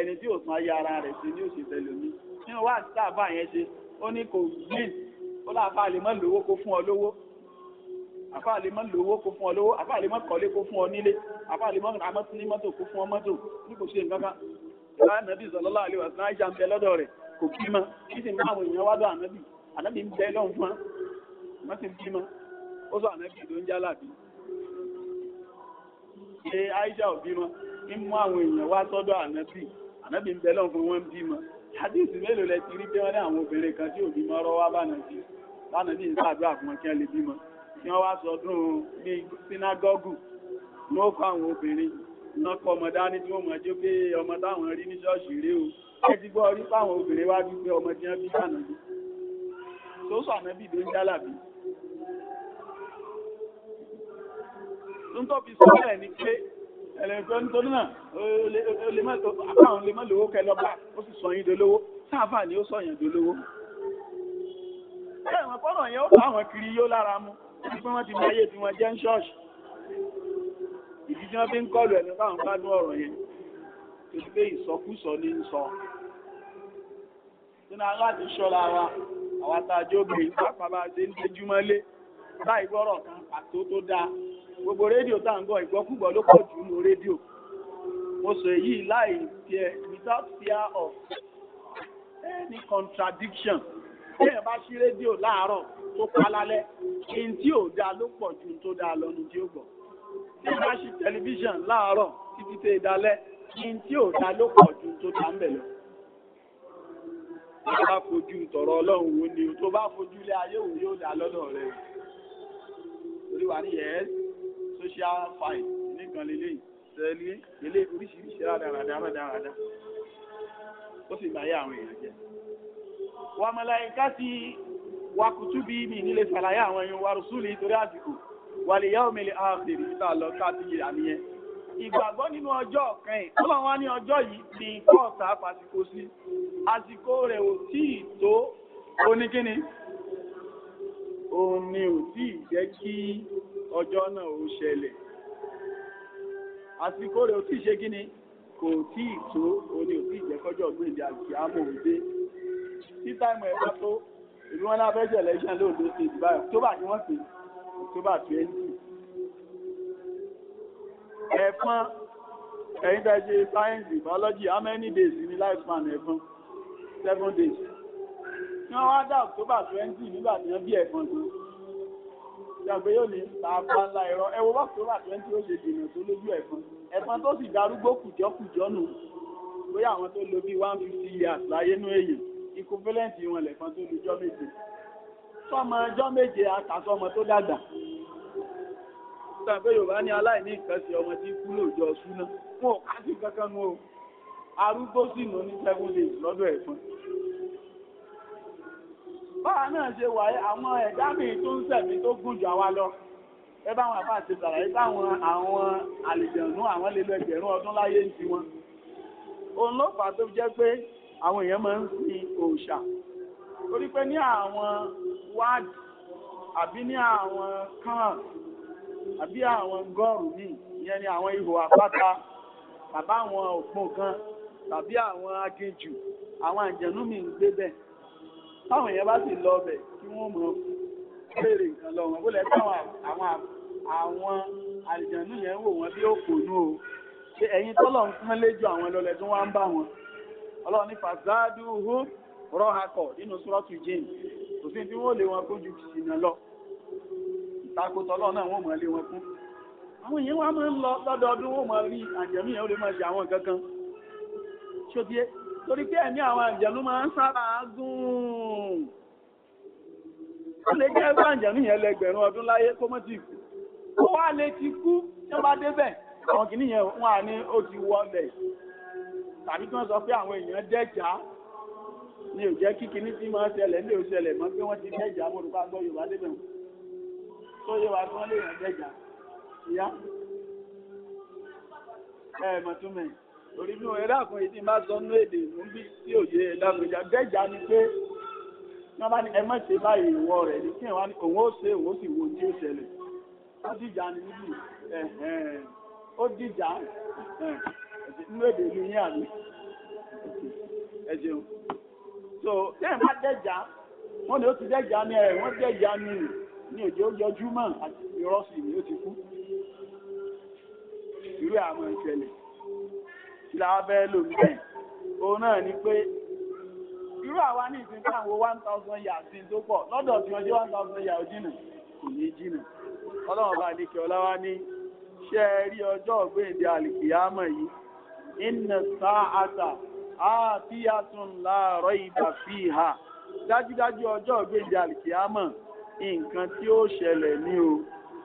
ẹni tí ò tún ayé ara rẹ̀ ṣe ní òṣìṣẹ́ lómi nínú wá àti sáàbà yẹn ṣe ó ní kò green ó láàfà lè mọ́ lówó kó fún ọ lówó àfà lè mọ́ lówó kó fún ọ lówó àfà lè mọ́ kọ́lé kó fún ọ nílé àfà lè mọ́ amọ́tí ní mọ́tò kó fún ọ mọ́tò ní kò ṣe nǹkan kan ìlà ànábì sọlọ́lá àlè wà sínú àìsàn bẹ lọ́dọ̀ rẹ̀ kò kí mọ́ kí sì máa àwọn èèyàn wádọ̀ ànábì ànábì ń bẹ lọ́hùn fún wọn sì ń bí mọ́ ó sọ ànábì tó ń jálàbí pé aisha ò bímọ ń mú àwọn èèyàn wá sọ́dọ̀ ànábì ànábì ń bẹ́lọ̀ fún wọn bímọ hadith mélòó lẹ ti rí pé wọn ní àwọn obìnrin kan tí ò bímọ rọ́ fún wọn kí lè wá sọdún ní àwọn obìnrin náà ọmọ dání tí o ẹ ti rí fáwọn obìnrin wá ń tọ́ fi sọ bẹ́ẹ̀ ni pé ẹlẹ́fẹ́ nítorí náà àkáwọn lè má lówó kẹ lọ́ba ó sì sọ yín dolówó sáfà ni ó sọ yẹn dolówó. bẹ́ẹ̀ wọn kọ́nà yẹn ó bá àwọn kiri yó lára mu wọ́n pé wọ́n ti máa yé tiwọn jẹ́ ń ṣọ́ọ̀ṣì. ìdí tí wọ́n fi ń kọlu ẹ̀mí fáwọn gbádùn ọ̀rọ̀ yẹn torí pé ìsọkúsọ ní ń sọ. sínú aláàtí ṣọ́ra wa àwọn àtàjọ́ obìnrin pápá bá ṣe ń tẹ́jú mọ́lé láì gbọ́rọ̀ kan pàtó tó dáa gbogbo rédíò tá à ń gbọ́ ìgbọ́kúgbọ́ ló pọ̀ jù nínú rédíò mo sọ èyí láì tiẹ̀ without fear of any contradiction téèyàn bá ṣí rédíò láàárọ̀ tó pa lálẹ́ kí n tí ò dáa ló pọ̀ ju tó dáa lọ ní tí ó gbọ́ téèyàn bá ṣí tẹlifíṣàn láàárọ̀ títí tẹ́ ìdálẹ́ kí n tí ò dáa ló pọ̀ ju tó dáa ń bẹ̀ lọ tó bá fojú tọ̀rọ̀ ọlọ́run wo ni tó bá fojú ilé ayé òun yóò dá lọ́dọ̀ rẹ̀ torí wà ní yẹ́sì social fight nìkan lélẹ́yìn tẹ́lẹ̀ ilé oríṣiríṣi rádaràdà rádaràdà ó sì báyé àwọn èèyàn jẹ́. wà màláíkà ti wà kùtù bí mi nílé ṣàlàyé àwọn èèyàn wà rùsùlì torí àsìkò wà lè yá omi lè ààfèrè níta lọ káàkiri àníyẹn. ìgbàgbọ́ nínú ọjọ́ kan yìí ó lọ́wọ́ ní ọjọ́ yìí ní kọ́ọ̀tà àsìkò sí àsìkò rẹ̀ ò tí ì tó oníkíni òun ni ò tí ì jẹ́ kí ọjọ́ náà ó ṣẹlẹ̀ àsìkò rẹ̀ ò tí ṣe kí kò tí ì tó òní ò tí ì jẹ́ kọjọ́ àti àmọ́ òde tí táìmù ẹ̀ bá tó ìlú wọn lábẹ́ jẹ̀ lẹ́sẹ̀ lóòdó sí ìdìbò october ni wọ́n pè october twenty ẹ̀fọn ẹ̀yin tẹ́ ṣe science biology how many days ni life ẹ̀fọn seven days ni wọ́n wá dá october twenty nígbà tí wọ́n bí ẹ̀fọn tó ìyàgbé yóò ní tààfà ńlá ẹ̀rọ ẹ̀wọ̀ bá tó wà twenty ó lè dènà tó lójú ẹ̀fọn ẹ̀fọn tó sì darúgbó kùjọ́kùjọ́ nù bóyá àwọn tó lo bíi one fifty years láyé nú èyí equivalent wọn lẹ̀fọn tó lu jọ́ méje sọmọ ọjọ́ méje àtàsọmọ tó dàgbà sọ pé yorùbá ní aláìní nǹkan sí ọmọ tí kú lóòjọ́ súná wọn ò ká sí kankan nu o arúgbó sì nù ní seven days lọ́dọ̀ ẹ̀fọn báwa náà ṣe wà àwọn ẹ̀dá mi tó ń sẹ̀mí tó gùn jù àwa lọ ẹ báwọn àbá àti sàlàyé táwọn àwọn àlejànú àwọn lè lọ ẹgbẹ̀rún ọdún láyé ń ti wọn òun ló fà tó jẹ́ pé àwọn èèyàn máa ń sin òòṣà torí pé ní àwọn wáàdì àbí ní àwọn kàn àbí àwọn gọ́ọ̀rù míì ìyẹn ni àwọn ihò àpáta tàbí àwọn òpó kan tàbí àwọn aginjù àwọn àjẹnú mi ń gbé bẹ́ẹ̀ táwọn èèyàn bá sì lọ ọbẹ̀ kí wọ́n mọ̀ béèrè nǹkan lọ wọn bólẹ̀ táwọn àwọn àwọn àlìjànú yẹn wò wọ́n bí ó kò nú o ṣe ẹ̀yin tọ́lọ̀ ń kán léjọ àwọn ẹlọ́lẹ̀ tó wá ń bá wọn ọlọ́run ní fàzádùhù rọ́hakọ̀ nínú sọ́ọ̀tù jìn kò sí tí wọ́n lé wọn kó ju ìsìnà lọ ìtakòtọ́ ọlọ́run náà wọ́n mọ̀ lé wọn fún àwọn èèyàn wa máa ń lọ lọ́dọọdún wọ́n mọ̀ rí àjẹmí yẹn ó lè máa ṣe àwọn kankan ṣó torí pé ẹ̀mí àwọn àjẹ̀lú máa ń sábà gùn ó lè jẹ́ ẹgbẹ́ àjẹ̀lú yẹn lẹ́gbẹ̀rún ọdún láyé kó mọ́ ti kú ó wá lè ti kú tó bá débẹ̀ àwọn kìíní yẹn wọ́n á ní ó ti wọlẹ̀ tàbí kí wọ́n sọ pé àwọn èèyàn dẹ́jà ní ò jẹ́ kí kìíní tí máa ṣẹlẹ̀ ní ò ṣẹlẹ̀ mọ́ pé wọ́n ti dẹ́jà mo rúbá gbọ́ Yorùbá débẹ̀ wọn tó yẹ wá kí wọ́n lè yàn torí mi ò ẹ̀rọ àkùn yìí ti sọ nínú èdè ìmúbí tí òye ni pé wọ́n bá ní ẹ má ṣe báyìí ìwọ rẹ̀ ní kí wọ́n ní òun ó ṣe òun ó sì wo tí ó ó dìjà níbi ó dìjà nínú èdè yín ẹ so ó ti ní òjò àti ni ó ti kí la bẹ́ lò ní ẹ̀ òun náà ni pé irú àwa ní ìsìn táwọn wo one thousand years sí tó pọ̀ lọ́dọ̀ tí wọ́n jẹ́ one thousand years jìnnà kò ní jìnnà ọlọ́run bá lè kí ọlá wa ní ṣe é rí ọjọ́ ọ̀gbẹ́ǹde àlìkìyámọ̀ yìí inna sa'ata àfíyàtún láàárọ̀ ìgbà fi hà dájúdájú ọjọ́ ọ̀gbẹ́ǹde àlìkìyámọ̀ nǹkan tí ó ṣẹlẹ̀ ní o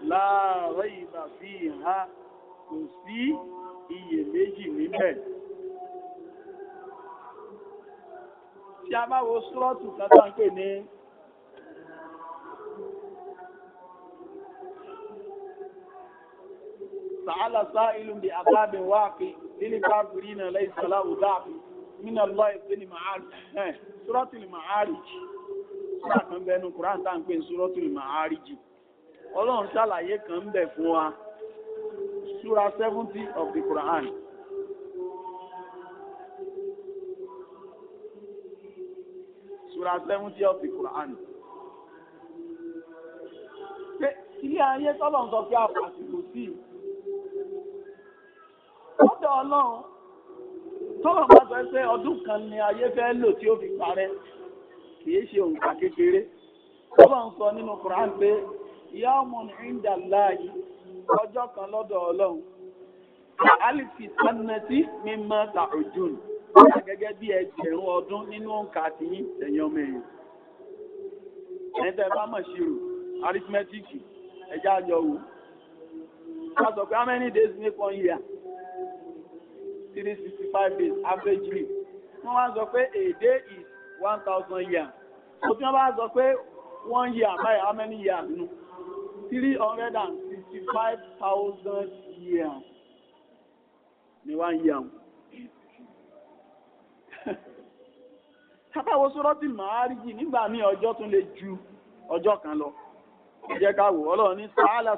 láàárọ̀ ìgbà fi hà kò sí iyèméjì níbẹ̀. tí a bá wo súrọ́tù kátà ń pè ní sàálà sáìlú bí àbábẹ̀ wáàfi lílì káàkiri náà lẹ́yìn sọ́lá òdáàfi nínú ọlọ́ ìpínlẹ̀ màárì súrọ́tù màárì jì súrọ́tù màárì jì ọlọ́run ṣàlàyé kan ń fún wa. Surah 70 of the Quran. Surah 70 of the Quran. Ṣé ilé ayé tọ́lọ̀ ń sọ pé àsìkò sí? Lọ́dọ̀ Ọlọ́run, tọ́lọ̀ bá sọ pé ọdún kan ni ayé fẹ́ lò tí ó fi parẹ́, kìí ṣe òǹkà kékeré. Ọlọ́run sọ nínú Quran pé, Yawmun 'inda Allahi ọjọ́ kan lọ́dọ̀ ọlọ́run alifi sanati mímọ tàrùjùn gẹ́gẹ́ bí ẹgbẹ̀rún ọdún nínú òǹkà tí ẹ̀yàn ọmọ ẹ̀yìn ẹ̀yìn bá mọ̀ ṣirò arithmetic ẹjá àjọ wò wọ́n sọ pé how many days make one year three sixty five days averagely wọ́n wá sọ pé a day is one thousand years òtún wọ́n bá sọ pé one year báyìí how many years nu three hundred and twenty five thousand years ni wọ́n ń yà wọ́n. Tábàwọ̀ sọ́rọ́tì màárìjì nígbà ní ọjọ́ tún lè ju ọjọ́ kan lọ. Ẹ jẹ́ ká wò ọlọ́run ní sàálà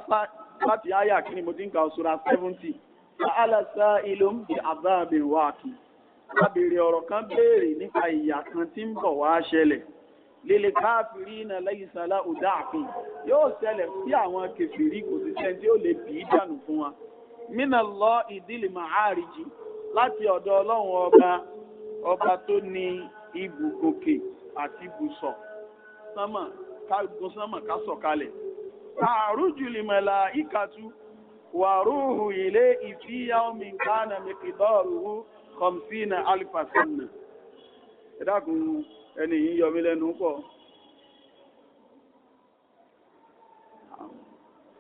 láti àyà kí ni mo ti ń ka òṣùra seventy. Sàálà sá ilé ń bi àbáàbẹ̀ wáàkì. Lábèrè ọ̀rọ̀ kan béèrè nípa ìyà kan tí ń bọ̀ wá ṣẹlẹ̀ lílé káàfìrí iná lẹ́yìn sálá ọ̀dà àfin yóò ṣẹlẹ̀ sí àwọn kẹfìrí kò sí sẹ́ni tí ó lè bì í dànù fún wa mínà lọ ìdílé màárìjì láti ọ̀dọ̀ ọlọ́run ọba ọba tó ní ibùgòkè àti ibùsọ̀ sánmà kágun sánmà ká sọ̀kalẹ̀ tààrùjù lìmọ̀lá ìkàtú wàrúhù ilé ìfíyà omi nǹkan àmì kìdọ́ọ̀rù kọ̀m̀sínà alifasánà ẹ̀dàgùn ẹni yìí yọ mí lẹ́nu pọ̀.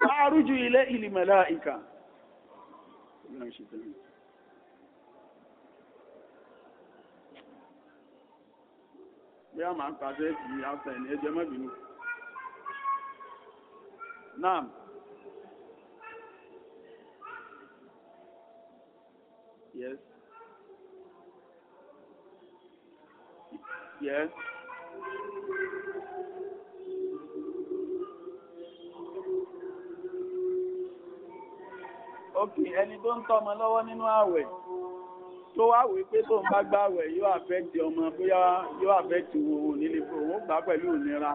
Àrújú ilé ìlìmẹ̀lá ìkà. Bí a máa ń pàṣẹ kì í àṣà ẹni mẹ́bìnú. Naam. Yes. tiẹ̀. òkè ẹni tó ń tọ́mọ lọ́wọ́ nínú àwẹ̀ tó wá wí pé tó ń bá gbàwẹ̀ yóò àfẹ́tì ọmọ bóyá yóò àfẹ́tì òun nílé fún òun gbà pẹ̀lú ìnira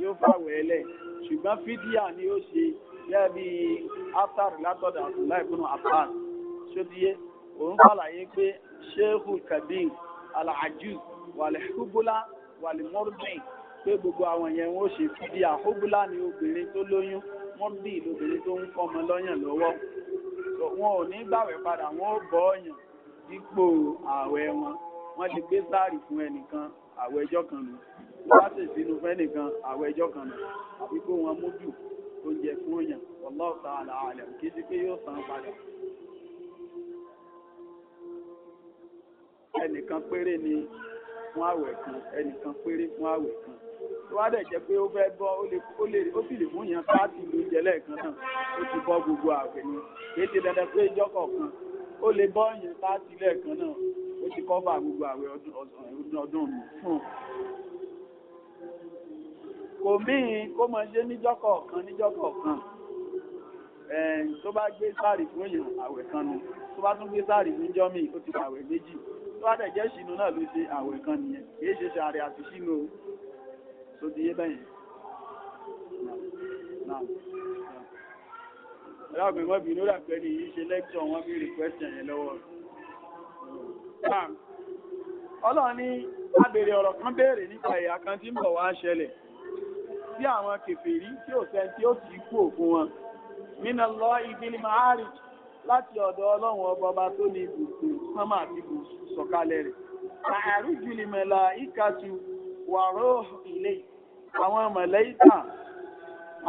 yóò fàwẹ̀ ẹlẹ̀ ṣùgbọ́n fídíà ni ó ṣe yẹ́ bí aftar látọ̀dọ̀ àtúnláì fún àfáàn ṣódíyé òun fàlàyé pé shehu kabir alhajus wàlẹ̀ húbúlá wàlẹ̀ mọ́rúdìn pé gbogbo àwọn yẹn wọn ò ṣe fìdí àhúbúlá ní obìnrin tó lóyún mọ́rúdìn lóbìnrin tó ń fọmọ lọ́yàn lọ́wọ́ wọn ò ní gbàwẹ̀ padà wọn ò bọ́ ọ̀yàn dípò ààwẹ̀ wọn wọ́n ti gbé sáàrì fún ẹnìkan ààwẹ̀ ẹjọ́ kan nù wọ́n bá sì sínú fẹ́nìkan ààwẹ̀ ẹjọ́ kan nù àbí kó wọn mú jù oúnjẹ fún òyàn wallahu ta'ala a'lam kí sí pé yóò san padà ẹnìkan péré ni fún àwẹ̀ kan ẹnìkan péré fún àwẹ̀ kan tó wá dẹ̀ jẹ́ pé ó fẹ́ bọ́ ó lè ó sì lè mú yàn káàtì ló jẹ lẹ́ẹ̀kan náà ó ti bọ́ gbogbo àwẹ̀ ni kì í ṣe dandan pé ìjọ kọ̀ọ̀kan ó lè bọ́ yàn káàtì lẹ́ẹ̀kan náà ó ti kọ́fà gbogbo àwẹ̀ ọdún mi fún kò míì kó mọ ṣe níjọ́ kọ̀ọ̀kan níjọ́ kọ̀ọ̀kan tó bá gbé sáàrì fún èèyàn àwẹ̀ kan nu tó bá tún gbé sáàrì fún jọ́mì ó ti àwẹ̀ méjì tó bá dẹ̀ jẹ́ ṣìnú náà ló ṣe àwẹ̀ kan nìyẹn kìí ṣe ṣe àrẹ àti ṣìnú o tó ti yé bẹ́yìn ẹlọ́gbìn wọ́n bí lórí àpẹ́ ní yìí ṣe lẹ́kṣọ̀ wọ́n bí rìkwẹ́sìn yẹn lọ́wọ́ ọlọ́run ní abèrè ọ̀rọ̀ kan béèrè nípa ẹ̀yà kan tí ń bọ̀ wá ṣẹlẹ̀ sí àwọn kèfèrí tí ò fẹ́ láti ọ̀dọ̀ ọlọ́run ọba tó ní ibùsùn sánmà àti ibùsùn sọ̀kalẹ̀ rẹ̀. àrùjù ni mẹ́la ìkàtù wàró ilé àwọn màláíkà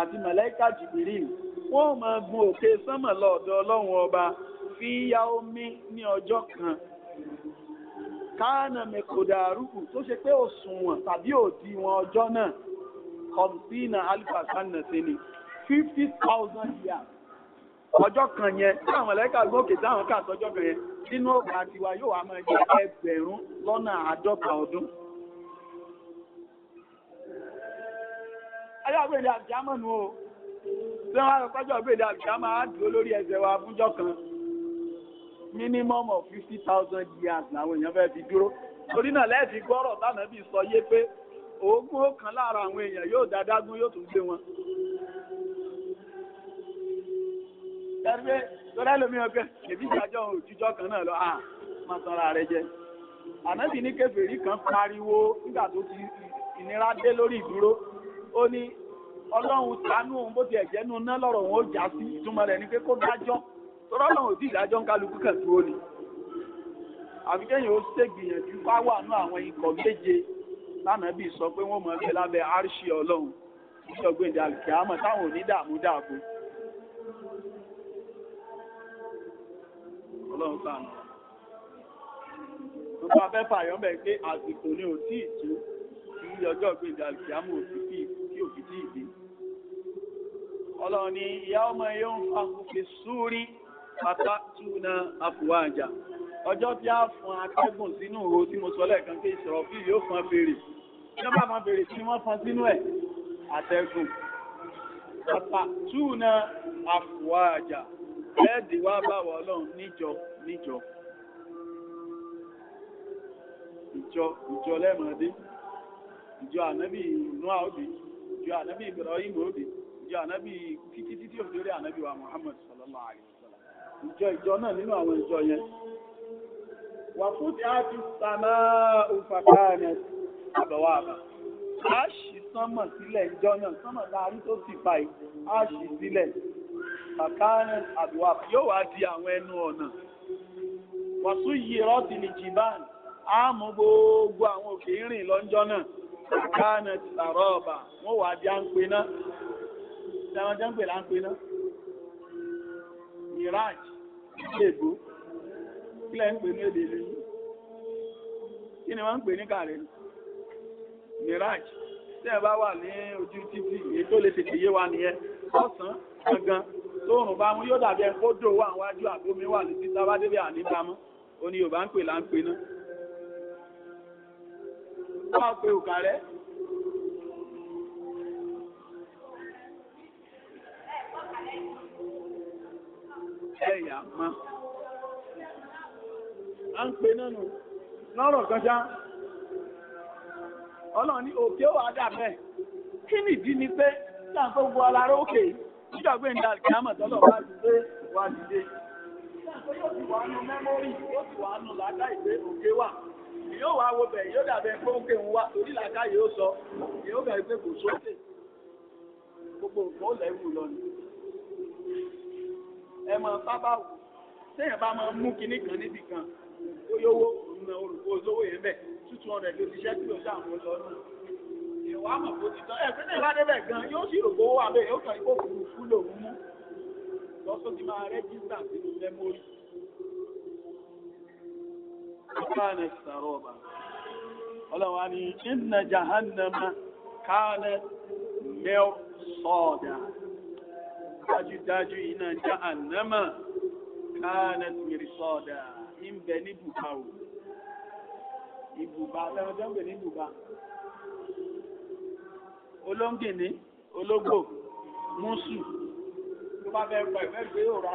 àti màláíkà jìbìrìl wọ́n máa gun òkè sánmà lọ́dọ̀ ọlọ́run ọba fi ya omi ní ọjọ́ kan káànà mẹ́kọ̀dà àrùkù tó ṣe pé òṣùwọ̀n tàbí òdiwọ̀n ọjọ́ náà kọ̀m̀pínà alifasánà sí ni fifty thousand years. ọjọ́ kan yẹn tí àwọn ẹlẹ́ka lókè táwọn kà kan yẹn nínú ọgbà tiwa yóò wá máa jẹ́ ẹgbẹ̀rún lọ́nà àádọ́ta ọdún. ayé àgbèlè àbíjámọ̀ nù o tí wọ́n á kọjọ́ àgbèlè á dúró lórí ẹsẹ̀ wa fúnjọ́ kan minimum of fifty thousand years làwọn èèyàn fẹ́ fi dúró torí náà lẹ́ẹ̀fi gbọ́rọ̀ sọ yé kan lára àwọn èèyàn yóò dáadáa gún yóò wọn. ẹgbẹ́ tọ́lá lómi ọgbẹ́ èmi ìdájọ́ òjijọ́ kan náà lọ àà ah, má sanra rẹ jẹ ànábì ní kèfèrí kan pariwo nígbà tó ti ìnira dé lórí ìdúró ó ní ọlọ́run tánú òun bó ti ẹ̀jẹ̀ nu ná lọ́rọ̀ òun ó já sí ìtumọ̀ rẹ̀ ni pé kó dájọ́ tọ́lá lọ́run ò tí ìdájọ́ ń kálukú kẹ̀ dúró ni àbíkẹ́yìn ó ṣègbìyànjú bá wà nú àwọn ikọ̀ méje lánàbí sọ pé wọ́n mọ̀ ẹ́ lábẹ́ àríṣì ọlọ́run ìṣọ̀gbìn ìdàgbàmọ̀ táwọn onídààmú dààbò ọlọ́run sànù gbogbo afẹ́fà yọ́nbẹ̀ pé àsìkò ni ò tí ì tó kí ọjọ́ gbèdé àlùkìyàmù òsì kí òkì tí ì dé ọlọ́run ni ìyá ọmọ yóò ń fakùnkè súrí pátá túnà àfùwájà ọjọ́ tí a fún akẹ́gùn sínú òhò tí mo sọ lẹ́ẹ̀kan pé ìṣòro bí yóò fọn fèrè tí wọ́n bá máa bèrè tí wọ́n fọn sínú ẹ̀ àtẹ́gùn pátá túnà àfùwájà ẹ̀ẹ́dì wá báwọ̀ ọlọ́run níjọ níjọ ìjọ ìjọ lẹ́mọ̀ọ́dé ìjọ ànábì noa òde ìjọ ànábì ibrahim òde ìjọ ànábì títí títí òde orí ànábì wa muhammad sallallahu alayhi wa sallam ìjọ náà nínú àwọn ìjọ yẹn wà fún ti á sàmà a sílẹ̀ ìjọ náà tó sì a sílẹ̀ àbà yóò wá di àwọn ẹnu ọ̀nà wàsú yìí rọ́ọ̀tì ní jìbáàn àmú gbogbo àwọn òkè rìn lọ́njọ́ náà káànà ti tààrọ̀ ọ̀bà wọ́n wà á di àǹpé náà ìdáwọn jẹ́ǹpé là ń pè náà miraj ìgbègbó kílẹ̀ ń pè ní èdè lẹ́yìn kí ni wọ́n ń pè ní kàrẹ́ miraj tí ẹ bá wà ní ojú títì èyí tó lè tètè yé wa nìyẹn ọ̀sán gangan tó rùn bá mú yóò dàbí ẹ kó dò wà wájú àbómi wà ní títà bá débẹ̀ ó yorùbá ń pè là ń pe ná wọ́n ma a ń pe nánu lọ́rọ̀ kan ọlọ́run ní òkè ó wà dàbẹ̀ kí nìdí ni pé sáà tó gbọ́ alára òkè nígbàgbé ìdàgbé àmọ̀tọ́lọ̀ wá sí wá pé yóò ti wà nù mẹ́mórì yóò ti wà nù làákà ìgbé òkè wà yóò wá wo bẹ̀ yóò dàbẹ̀ gbóǹkè ń wá torí làákà yóò sọ yóò bẹ̀rẹ̀ pé kò sókè gbogbo nǹkan ó lẹ́wù lọ ni ẹ mọ bábà wù téèyàn bá máa mú kinní kan níbì kan ó yówó ọ̀nà olùkó olówó yẹn bẹ̀ two hundred ló ti ṣẹ́ kí ló ń dààmú lọ nù ìwà mọ̀ kó ti tán ẹ̀ pé téèyàn bá débẹ̀ gan yóò sì rò gbówó abẹ́ yóò kàn yín kó lòún mú lọ́sọ́ ti máa rẹ́jísítà sínú mẹ́mórì. kánà sàrọ̀bà na inna jahannama kánà mẹ́sọ̀dà dájúdájú iná jahannama kánà mẹ́sọ̀dà ń bẹ ní bùbá o ìbùbá tẹ́wọ́n ní bùbá olóńgìní ológbò mùsù tó bá bẹ́ẹ̀ pẹ̀lú ẹgbẹ́ òrà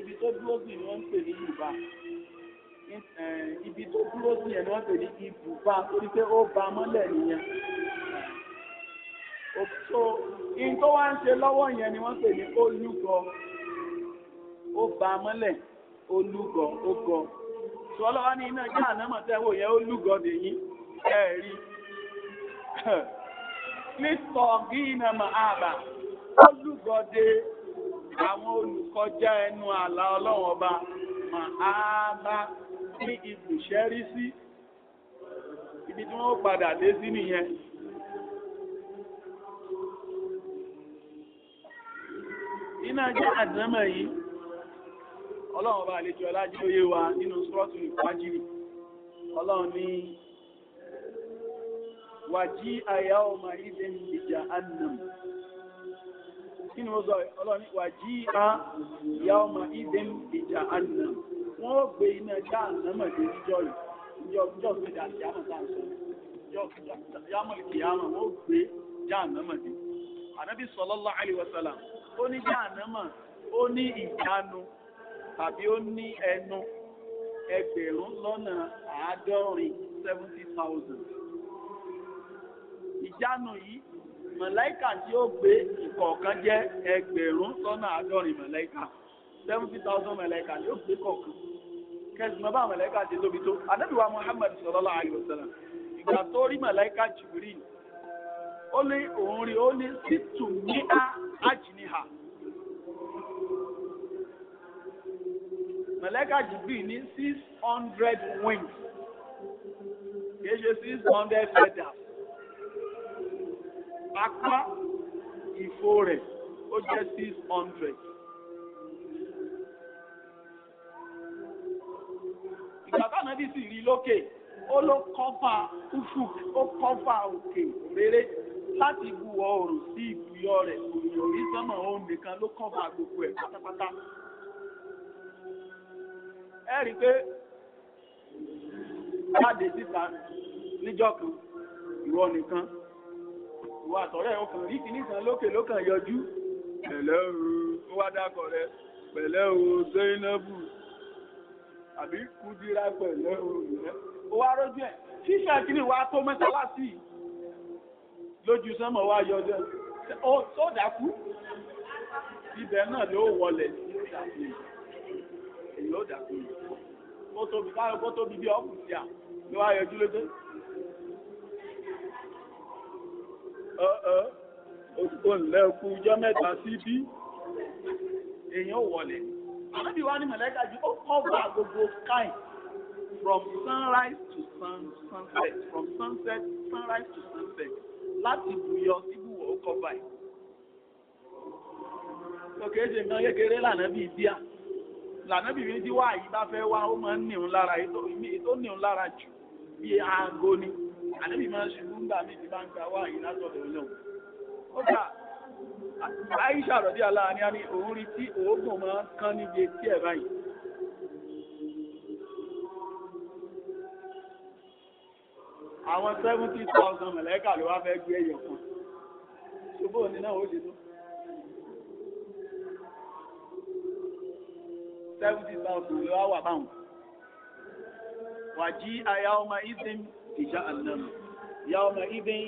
ibi tó ni wọ́n ń pè ní bùbá Eh, ibi tó dúró sí ẹ̀ ni wọ́n pè ní ibùba torí pé ó ba mọ́lẹ̀ nìyẹn. Eh, so in tó wá ń ṣe lọ́wọ́ yẹn ni wọ́n pè ní olúgọ ó ba mọ́lẹ̀ olúgọ ó gọ. sọlọ́wọ́ ní iná jẹ́ ànámọ̀ tẹ́wọ̀ yẹn olúgọ nìyí ẹ̀ rí. Eh, Lítọ̀ gíínà máa bà olúgọ dé àwọn olùkọjá ẹnu àlà ọlọ́run ọba máa bá ní ibùṣẹ́ rí sí ibi tí wọ́n padà dé sí nìyẹn iná jẹ́ àdámọ̀ yìí ọlọ́run bá àlejò ọlájúlóyé wa nínú sọ́ọ̀tù ìfàjìrì ọlọ́run ní wàjí àyà ọmọ ìdè ìjà annam kí ni mo sọ ọlọ́run wàjí àyà ọmọ ìdè ìjà annam wọ́n ó gbé iná ẹja ànámọ̀dé níjọ́ yìí níjọ́ níjọ́ gbèdà àjámọ̀ wọ́n ó ní ìjánu tàbí ó ní ẹnu ẹgbẹ̀rún lọ́nà àádọ́rin 70000. ìjánu yìí tí gbé ìkọ̀ọ̀kan jẹ́ ẹgbẹ̀rún lọ́nà àádọ́rin 70000 gbé kọ̀ọ̀kan kẹsì mọ bá màláíkà ti tóbi tó ànábì wa Muhammad sallallahu alaihi wasallam ìgbà tó rí màláíkà Jibril ó lé òun rí ó ní sítù ní àjìníhà màláíkà Jibril ní six hundred wings kì ṣe six hundred feathers apá ìfò rẹ̀ ó jẹ́ six hundred. ìgbà táwọn ẹbí sì rí lókè ó ló kọ́fà kúfù ó kọ́fà òkè rere láti ìbú ọrùn sí ìbúyọ rẹ̀ òyìnbó rí sọ́mọ̀ òun nìkan ló kọ́fà gbogbo ẹ̀ pátápátá. ẹ rí i pé jáde síta níjọ́ kan ìwọ nìkan ìwọ àtọ̀rẹ́ ọkàn rí kìíní kan lókè lókàn yọjú pẹ̀lẹ́ o ó wá dákọ̀ rẹ pẹ̀lẹ́ o Zainabu àbí kùdìrà pẹ̀lẹ́ òrùlẹ́ ó wá rójú ẹ̀ ṣíṣe kìíní wa tó mẹ́tàlásì lójú sánmọ̀ wá yọ ọdẹ ó tó dákú ibẹ̀ náà ló wọlé èyí ó dákú ó tóbi káyọ̀ kó tóbi bí ọkùnrin sí à ló wá yọjú lójú òǹlẹ̀kùn ọjọ́ mẹ́ta sí bí èyí ó wọlé àbíbí wa ní mọ̀lẹ́kà ju ó cover gbogbo sky from sunrise to sun sunset from sunset sunrise to sunset láti bùyọ síbùwọ̀ ó cover ẹ̀. Sọ̀kè ṣe nǹkan kékeré lànà bíi bíà. Lànà bíi ní tí wá yìí bá fẹ́ wá ó máa ń nìhun lára ètò nìhun lára jù bíi aago ni. Ànábì máa ń ṣubú ńgbà mí ti bá ń gba wá yìí látọ̀dọ̀ náà. Ó dà Aisha rọ̀dí aláàánú ní òun rí tí òógùn máa ń kán níbi etí ẹ̀ báyìí. Àwọn seventy thousand mẹ̀lẹ́kà ló wá fẹ́ gbé ẹ̀yọ̀ kan. Ṣùgbọ́n òní náà ó ṣe tó. seventy thousand ló wá wà báwọn. Wàjí ayáwọ́mọ ìdín ìjà àdánù. Ìyáwọ́mọ ìdín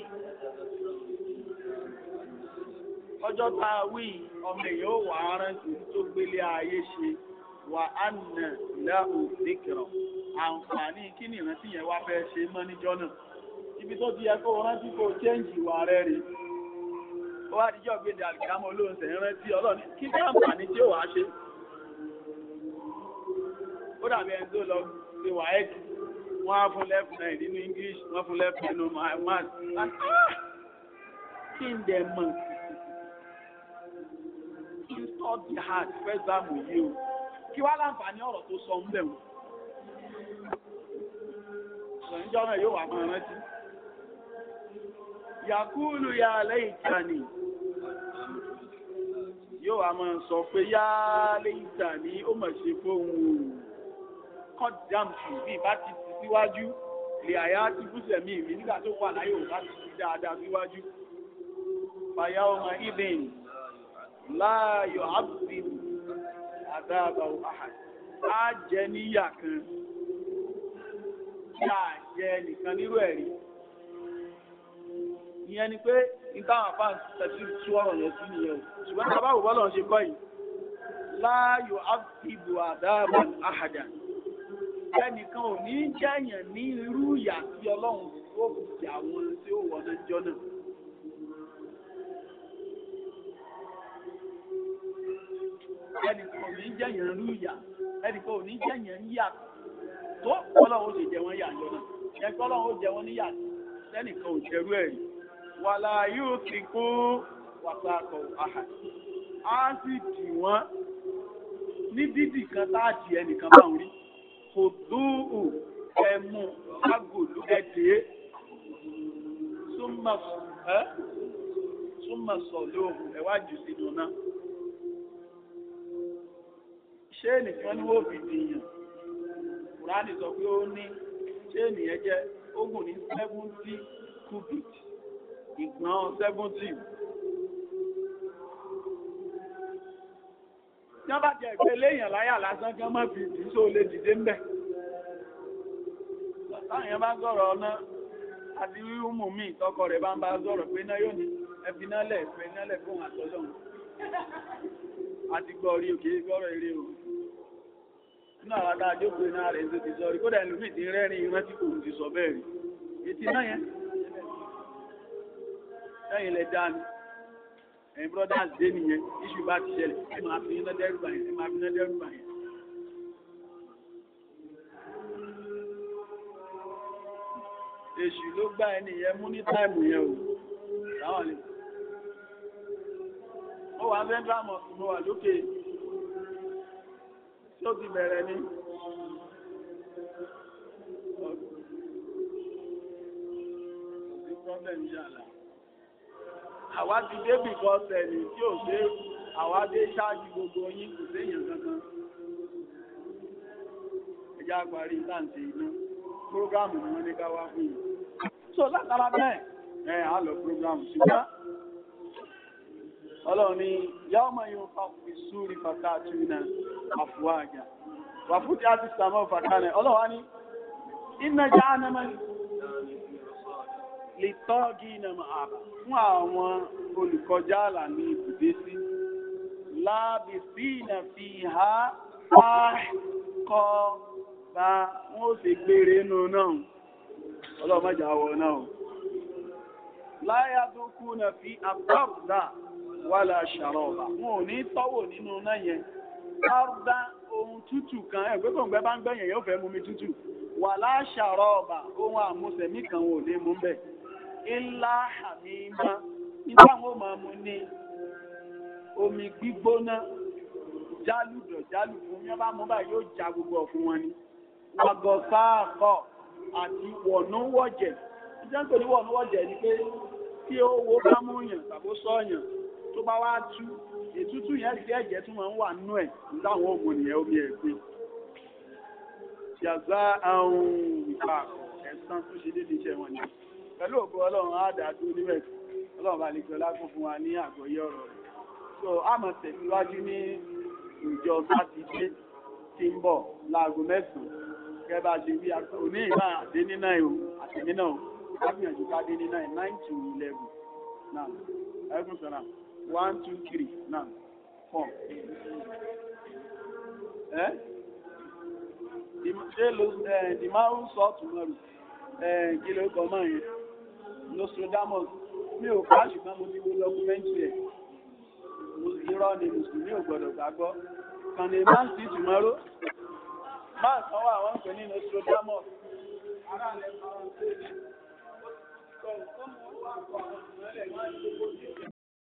ọjọ́ tá a wí ọmọ èèyàn ó wà á rántí tó gbélé ayé ṣe wà á nà láhù díkìrọ̀ àǹfààní kí ni ìrántí yẹn wá fẹ́ ṣe mọ́ níjọ́ náà ibi tó ti yẹ kó rántí kó chẹ́ǹjì ìwà rẹ̀ rèé ó wá díjọ́ gbèdé àlìkámọ́ olóhùn sẹ̀ ń rántí ọlọ́run kí ní àǹfààní tí ó wàá ṣe. ó dàbí ẹni tó lọ sí wáyéèkì wọ́n á fún lẹ́fù náà nínú English wọ́n fún lẹ́fù nínú math ah! kí n dẹ̀ mọ̀ third jihad first báàmù yìí o kí wá láǹfààní ọ̀rọ̀ tó sọ ń bẹ̀ wọ́n ṣọ̀njọ́ náà yóò wà máa rántí yàkúlù ya lẹ́yìn tani yóò wà máa sọ pé yá lẹ́yìn tani ó mọ̀ ṣe fóun o kọ́ dàmùsù bí bá ti ti síwájú lè àyà ti fúnṣẹ̀ mí mi nígbà tó wà láyé òun bá ti ti dáadáa síwájú fàyà ọmọ ibìn láàyò ábùdìbò àdáàbà òhà á jẹ níyà kan yà jẹ nìkan nírú ẹ̀rí ìyẹn ni pé ìtàwọn àpá tẹ̀sí tú ọ̀rọ̀ yẹn sí nìyẹn o ṣùgbọ́n tí a bá wò bọ́lọ̀ ṣe kọ́ yìí láàyò ábùdìbò àdáàbà àhàjà ẹnìkan ò ní jẹ́yàn ní irú ìyà tí ọlọ́run ó fi àwọn tí ó wọ̀ náà jọ náà. ẹnì kan ò ní jẹ̀yàn rú ìyà ẹnì kan ò ní jẹ̀yàn ń yà tó ọlọ́run ó sì jẹ wọ́n yà ń yọ̀nà ẹ̀kọ́ ọlọ́run ó jẹ wọ́n níyà lẹ́nì kan ò jẹrú ẹ̀rí wàlà yóò ti kó wàsàkọ̀ àhà á sì dì wọ́n ní dídì kan tá a dì ẹnìkan bá ń rí kò dóòwò ẹmu agolo ẹdẹ súnmọ sọ lóògùn ẹwà jù sínú náà ṣé nìkan ni wọ́n fi dìyàn kùránì sọ pé ó ní ṣé nìyẹn jẹ́ ogun ní seventy cubit ìgbọ́n seventy. tí wọ́n bá jẹ ìgbé léèyàn láyà lásán kí wọ́n má fi ìdí sóò lè dìde ńbẹ̀. táwọn èèyàn bá ń sọ̀rọ̀ ọ̀nà àti rírùmù mi tọkọ rẹ̀ bá ń bá sọ̀rọ̀ pé náà yóò ní ẹbí náà lẹ̀ ẹ̀fẹ́ náà lẹ̀ fún àtọ́lọ́run àti gbọ́ orí òkè gbọ́rọ̀ eré òun nínú àwọn tá a jókòó iná rẹ̀ tó ti sọ rí kódà ẹlòmíì ti rẹ́rìn irán tí kò ti sọ bẹ́ẹ̀ rí etí náà yẹn lẹ́yìn lẹ dá ni ẹ̀yin brothers dé nìyẹn iṣu bá ti ṣẹlẹ̀ ẹ máa fi iná dẹ́rù bà yẹn ẹ máa fi iná dẹ́rù bà yẹn. èṣù ló gbá ẹni yẹn mú ní táìmù yẹn o láwọn lè. mo wà central mosque mo wà lókè tí ó ti bẹ̀rẹ̀ ni. àwa ti débì kan sẹ̀lì tí ò dé àwa dé ṣáájú gbogbo yín kò séèyàn kankan. ẹ̀já parí táǹtì iná prógámù ni wọ́n ní ká wá fún yìí. so látara bẹ́ẹ̀ ẹ̀ á lọ prógámù ṣùgbọ́n ọlọ́run ní yawma yunfakhu fi-s-suri fatatuna afwaja wa futihati s-samau fakanat ọlọ́run ní inna jahannama lit-tagina ma'aba fún àwọn olùkọjá àlà ní ibùdé sí labisina fiha kọ́ bá wọ́n ó sì gbére inú náà ọlọ́run má jà wọ náà láyàdókù náà fi àpá ọ̀dà wàlà ṣàrọ̀bà wọn ò ní tọ́wò nínú náà yẹn kárdá ohun tútù kan ẹ̀ pé kòǹgbẹ́ bá ń gbẹ̀yìn yóò fẹ́ mú mi tútù wàlà ṣàrọ̀bà ohun àmúṣẹ̀mí kan wọn ò ní mú bẹ́ẹ̀ ilá àmìmá nígbà wọn máa mú ní omi gbígbóná jálùdọ̀ jálùfún yẹn bá mú báyìí yóò já gbogbo ọ̀fun wọn ni wàgọ̀sáàkọ̀ àti wọ̀núwọ̀jẹ̀ ìjọ́ǹtò ní wọ̀núwọ̀jẹ̀ ni pé kí ó wo bá mú yàn tàbó sọ́yàn tó bá wá tú ètútù yẹn sí ẹ̀jẹ̀ tó máa ń wà nú ẹ̀ láwọn ògùn nìyẹn omi ẹ̀gbin yàzá àwọn ìgbà ẹ̀sán tó ṣe déédéé iṣẹ́ wọn ni pẹ̀lú ògo ọlọ́run á dà dúró níbẹ̀ ọlọ́run bá lè gbọ́lá fún fún wa ní àgbọ́yé ọ̀rọ̀ rẹ̀ so a máa tẹ̀síwájú ní ìjọ sátidé tí ń bọ̀ láago mẹ́sàn-án kẹba ṣe bí òní ìgbà àdé nínà ìhò àtẹ̀mínà ò lágbìyànjú ká dé nínà ì 9 to 11 náà ẹgbùn sọ́nà one two three now four ẹ eh? ṣé lo ẹ dìmáwù sọ́ọ̀tù mọ́rù ẹ kí ló kọ́ máa yẹn Nostradamus mi ò kọ́ àṣùgbọ́n mo ti wo dọ́kúmẹ́ntì ẹ̀ irọ́ ni mùsùlùmí ò gbọ́dọ̀ gbàgbọ́ kan ní man city tomorrow man kan wà wọ́n pè ní Nostradamus ara rẹ̀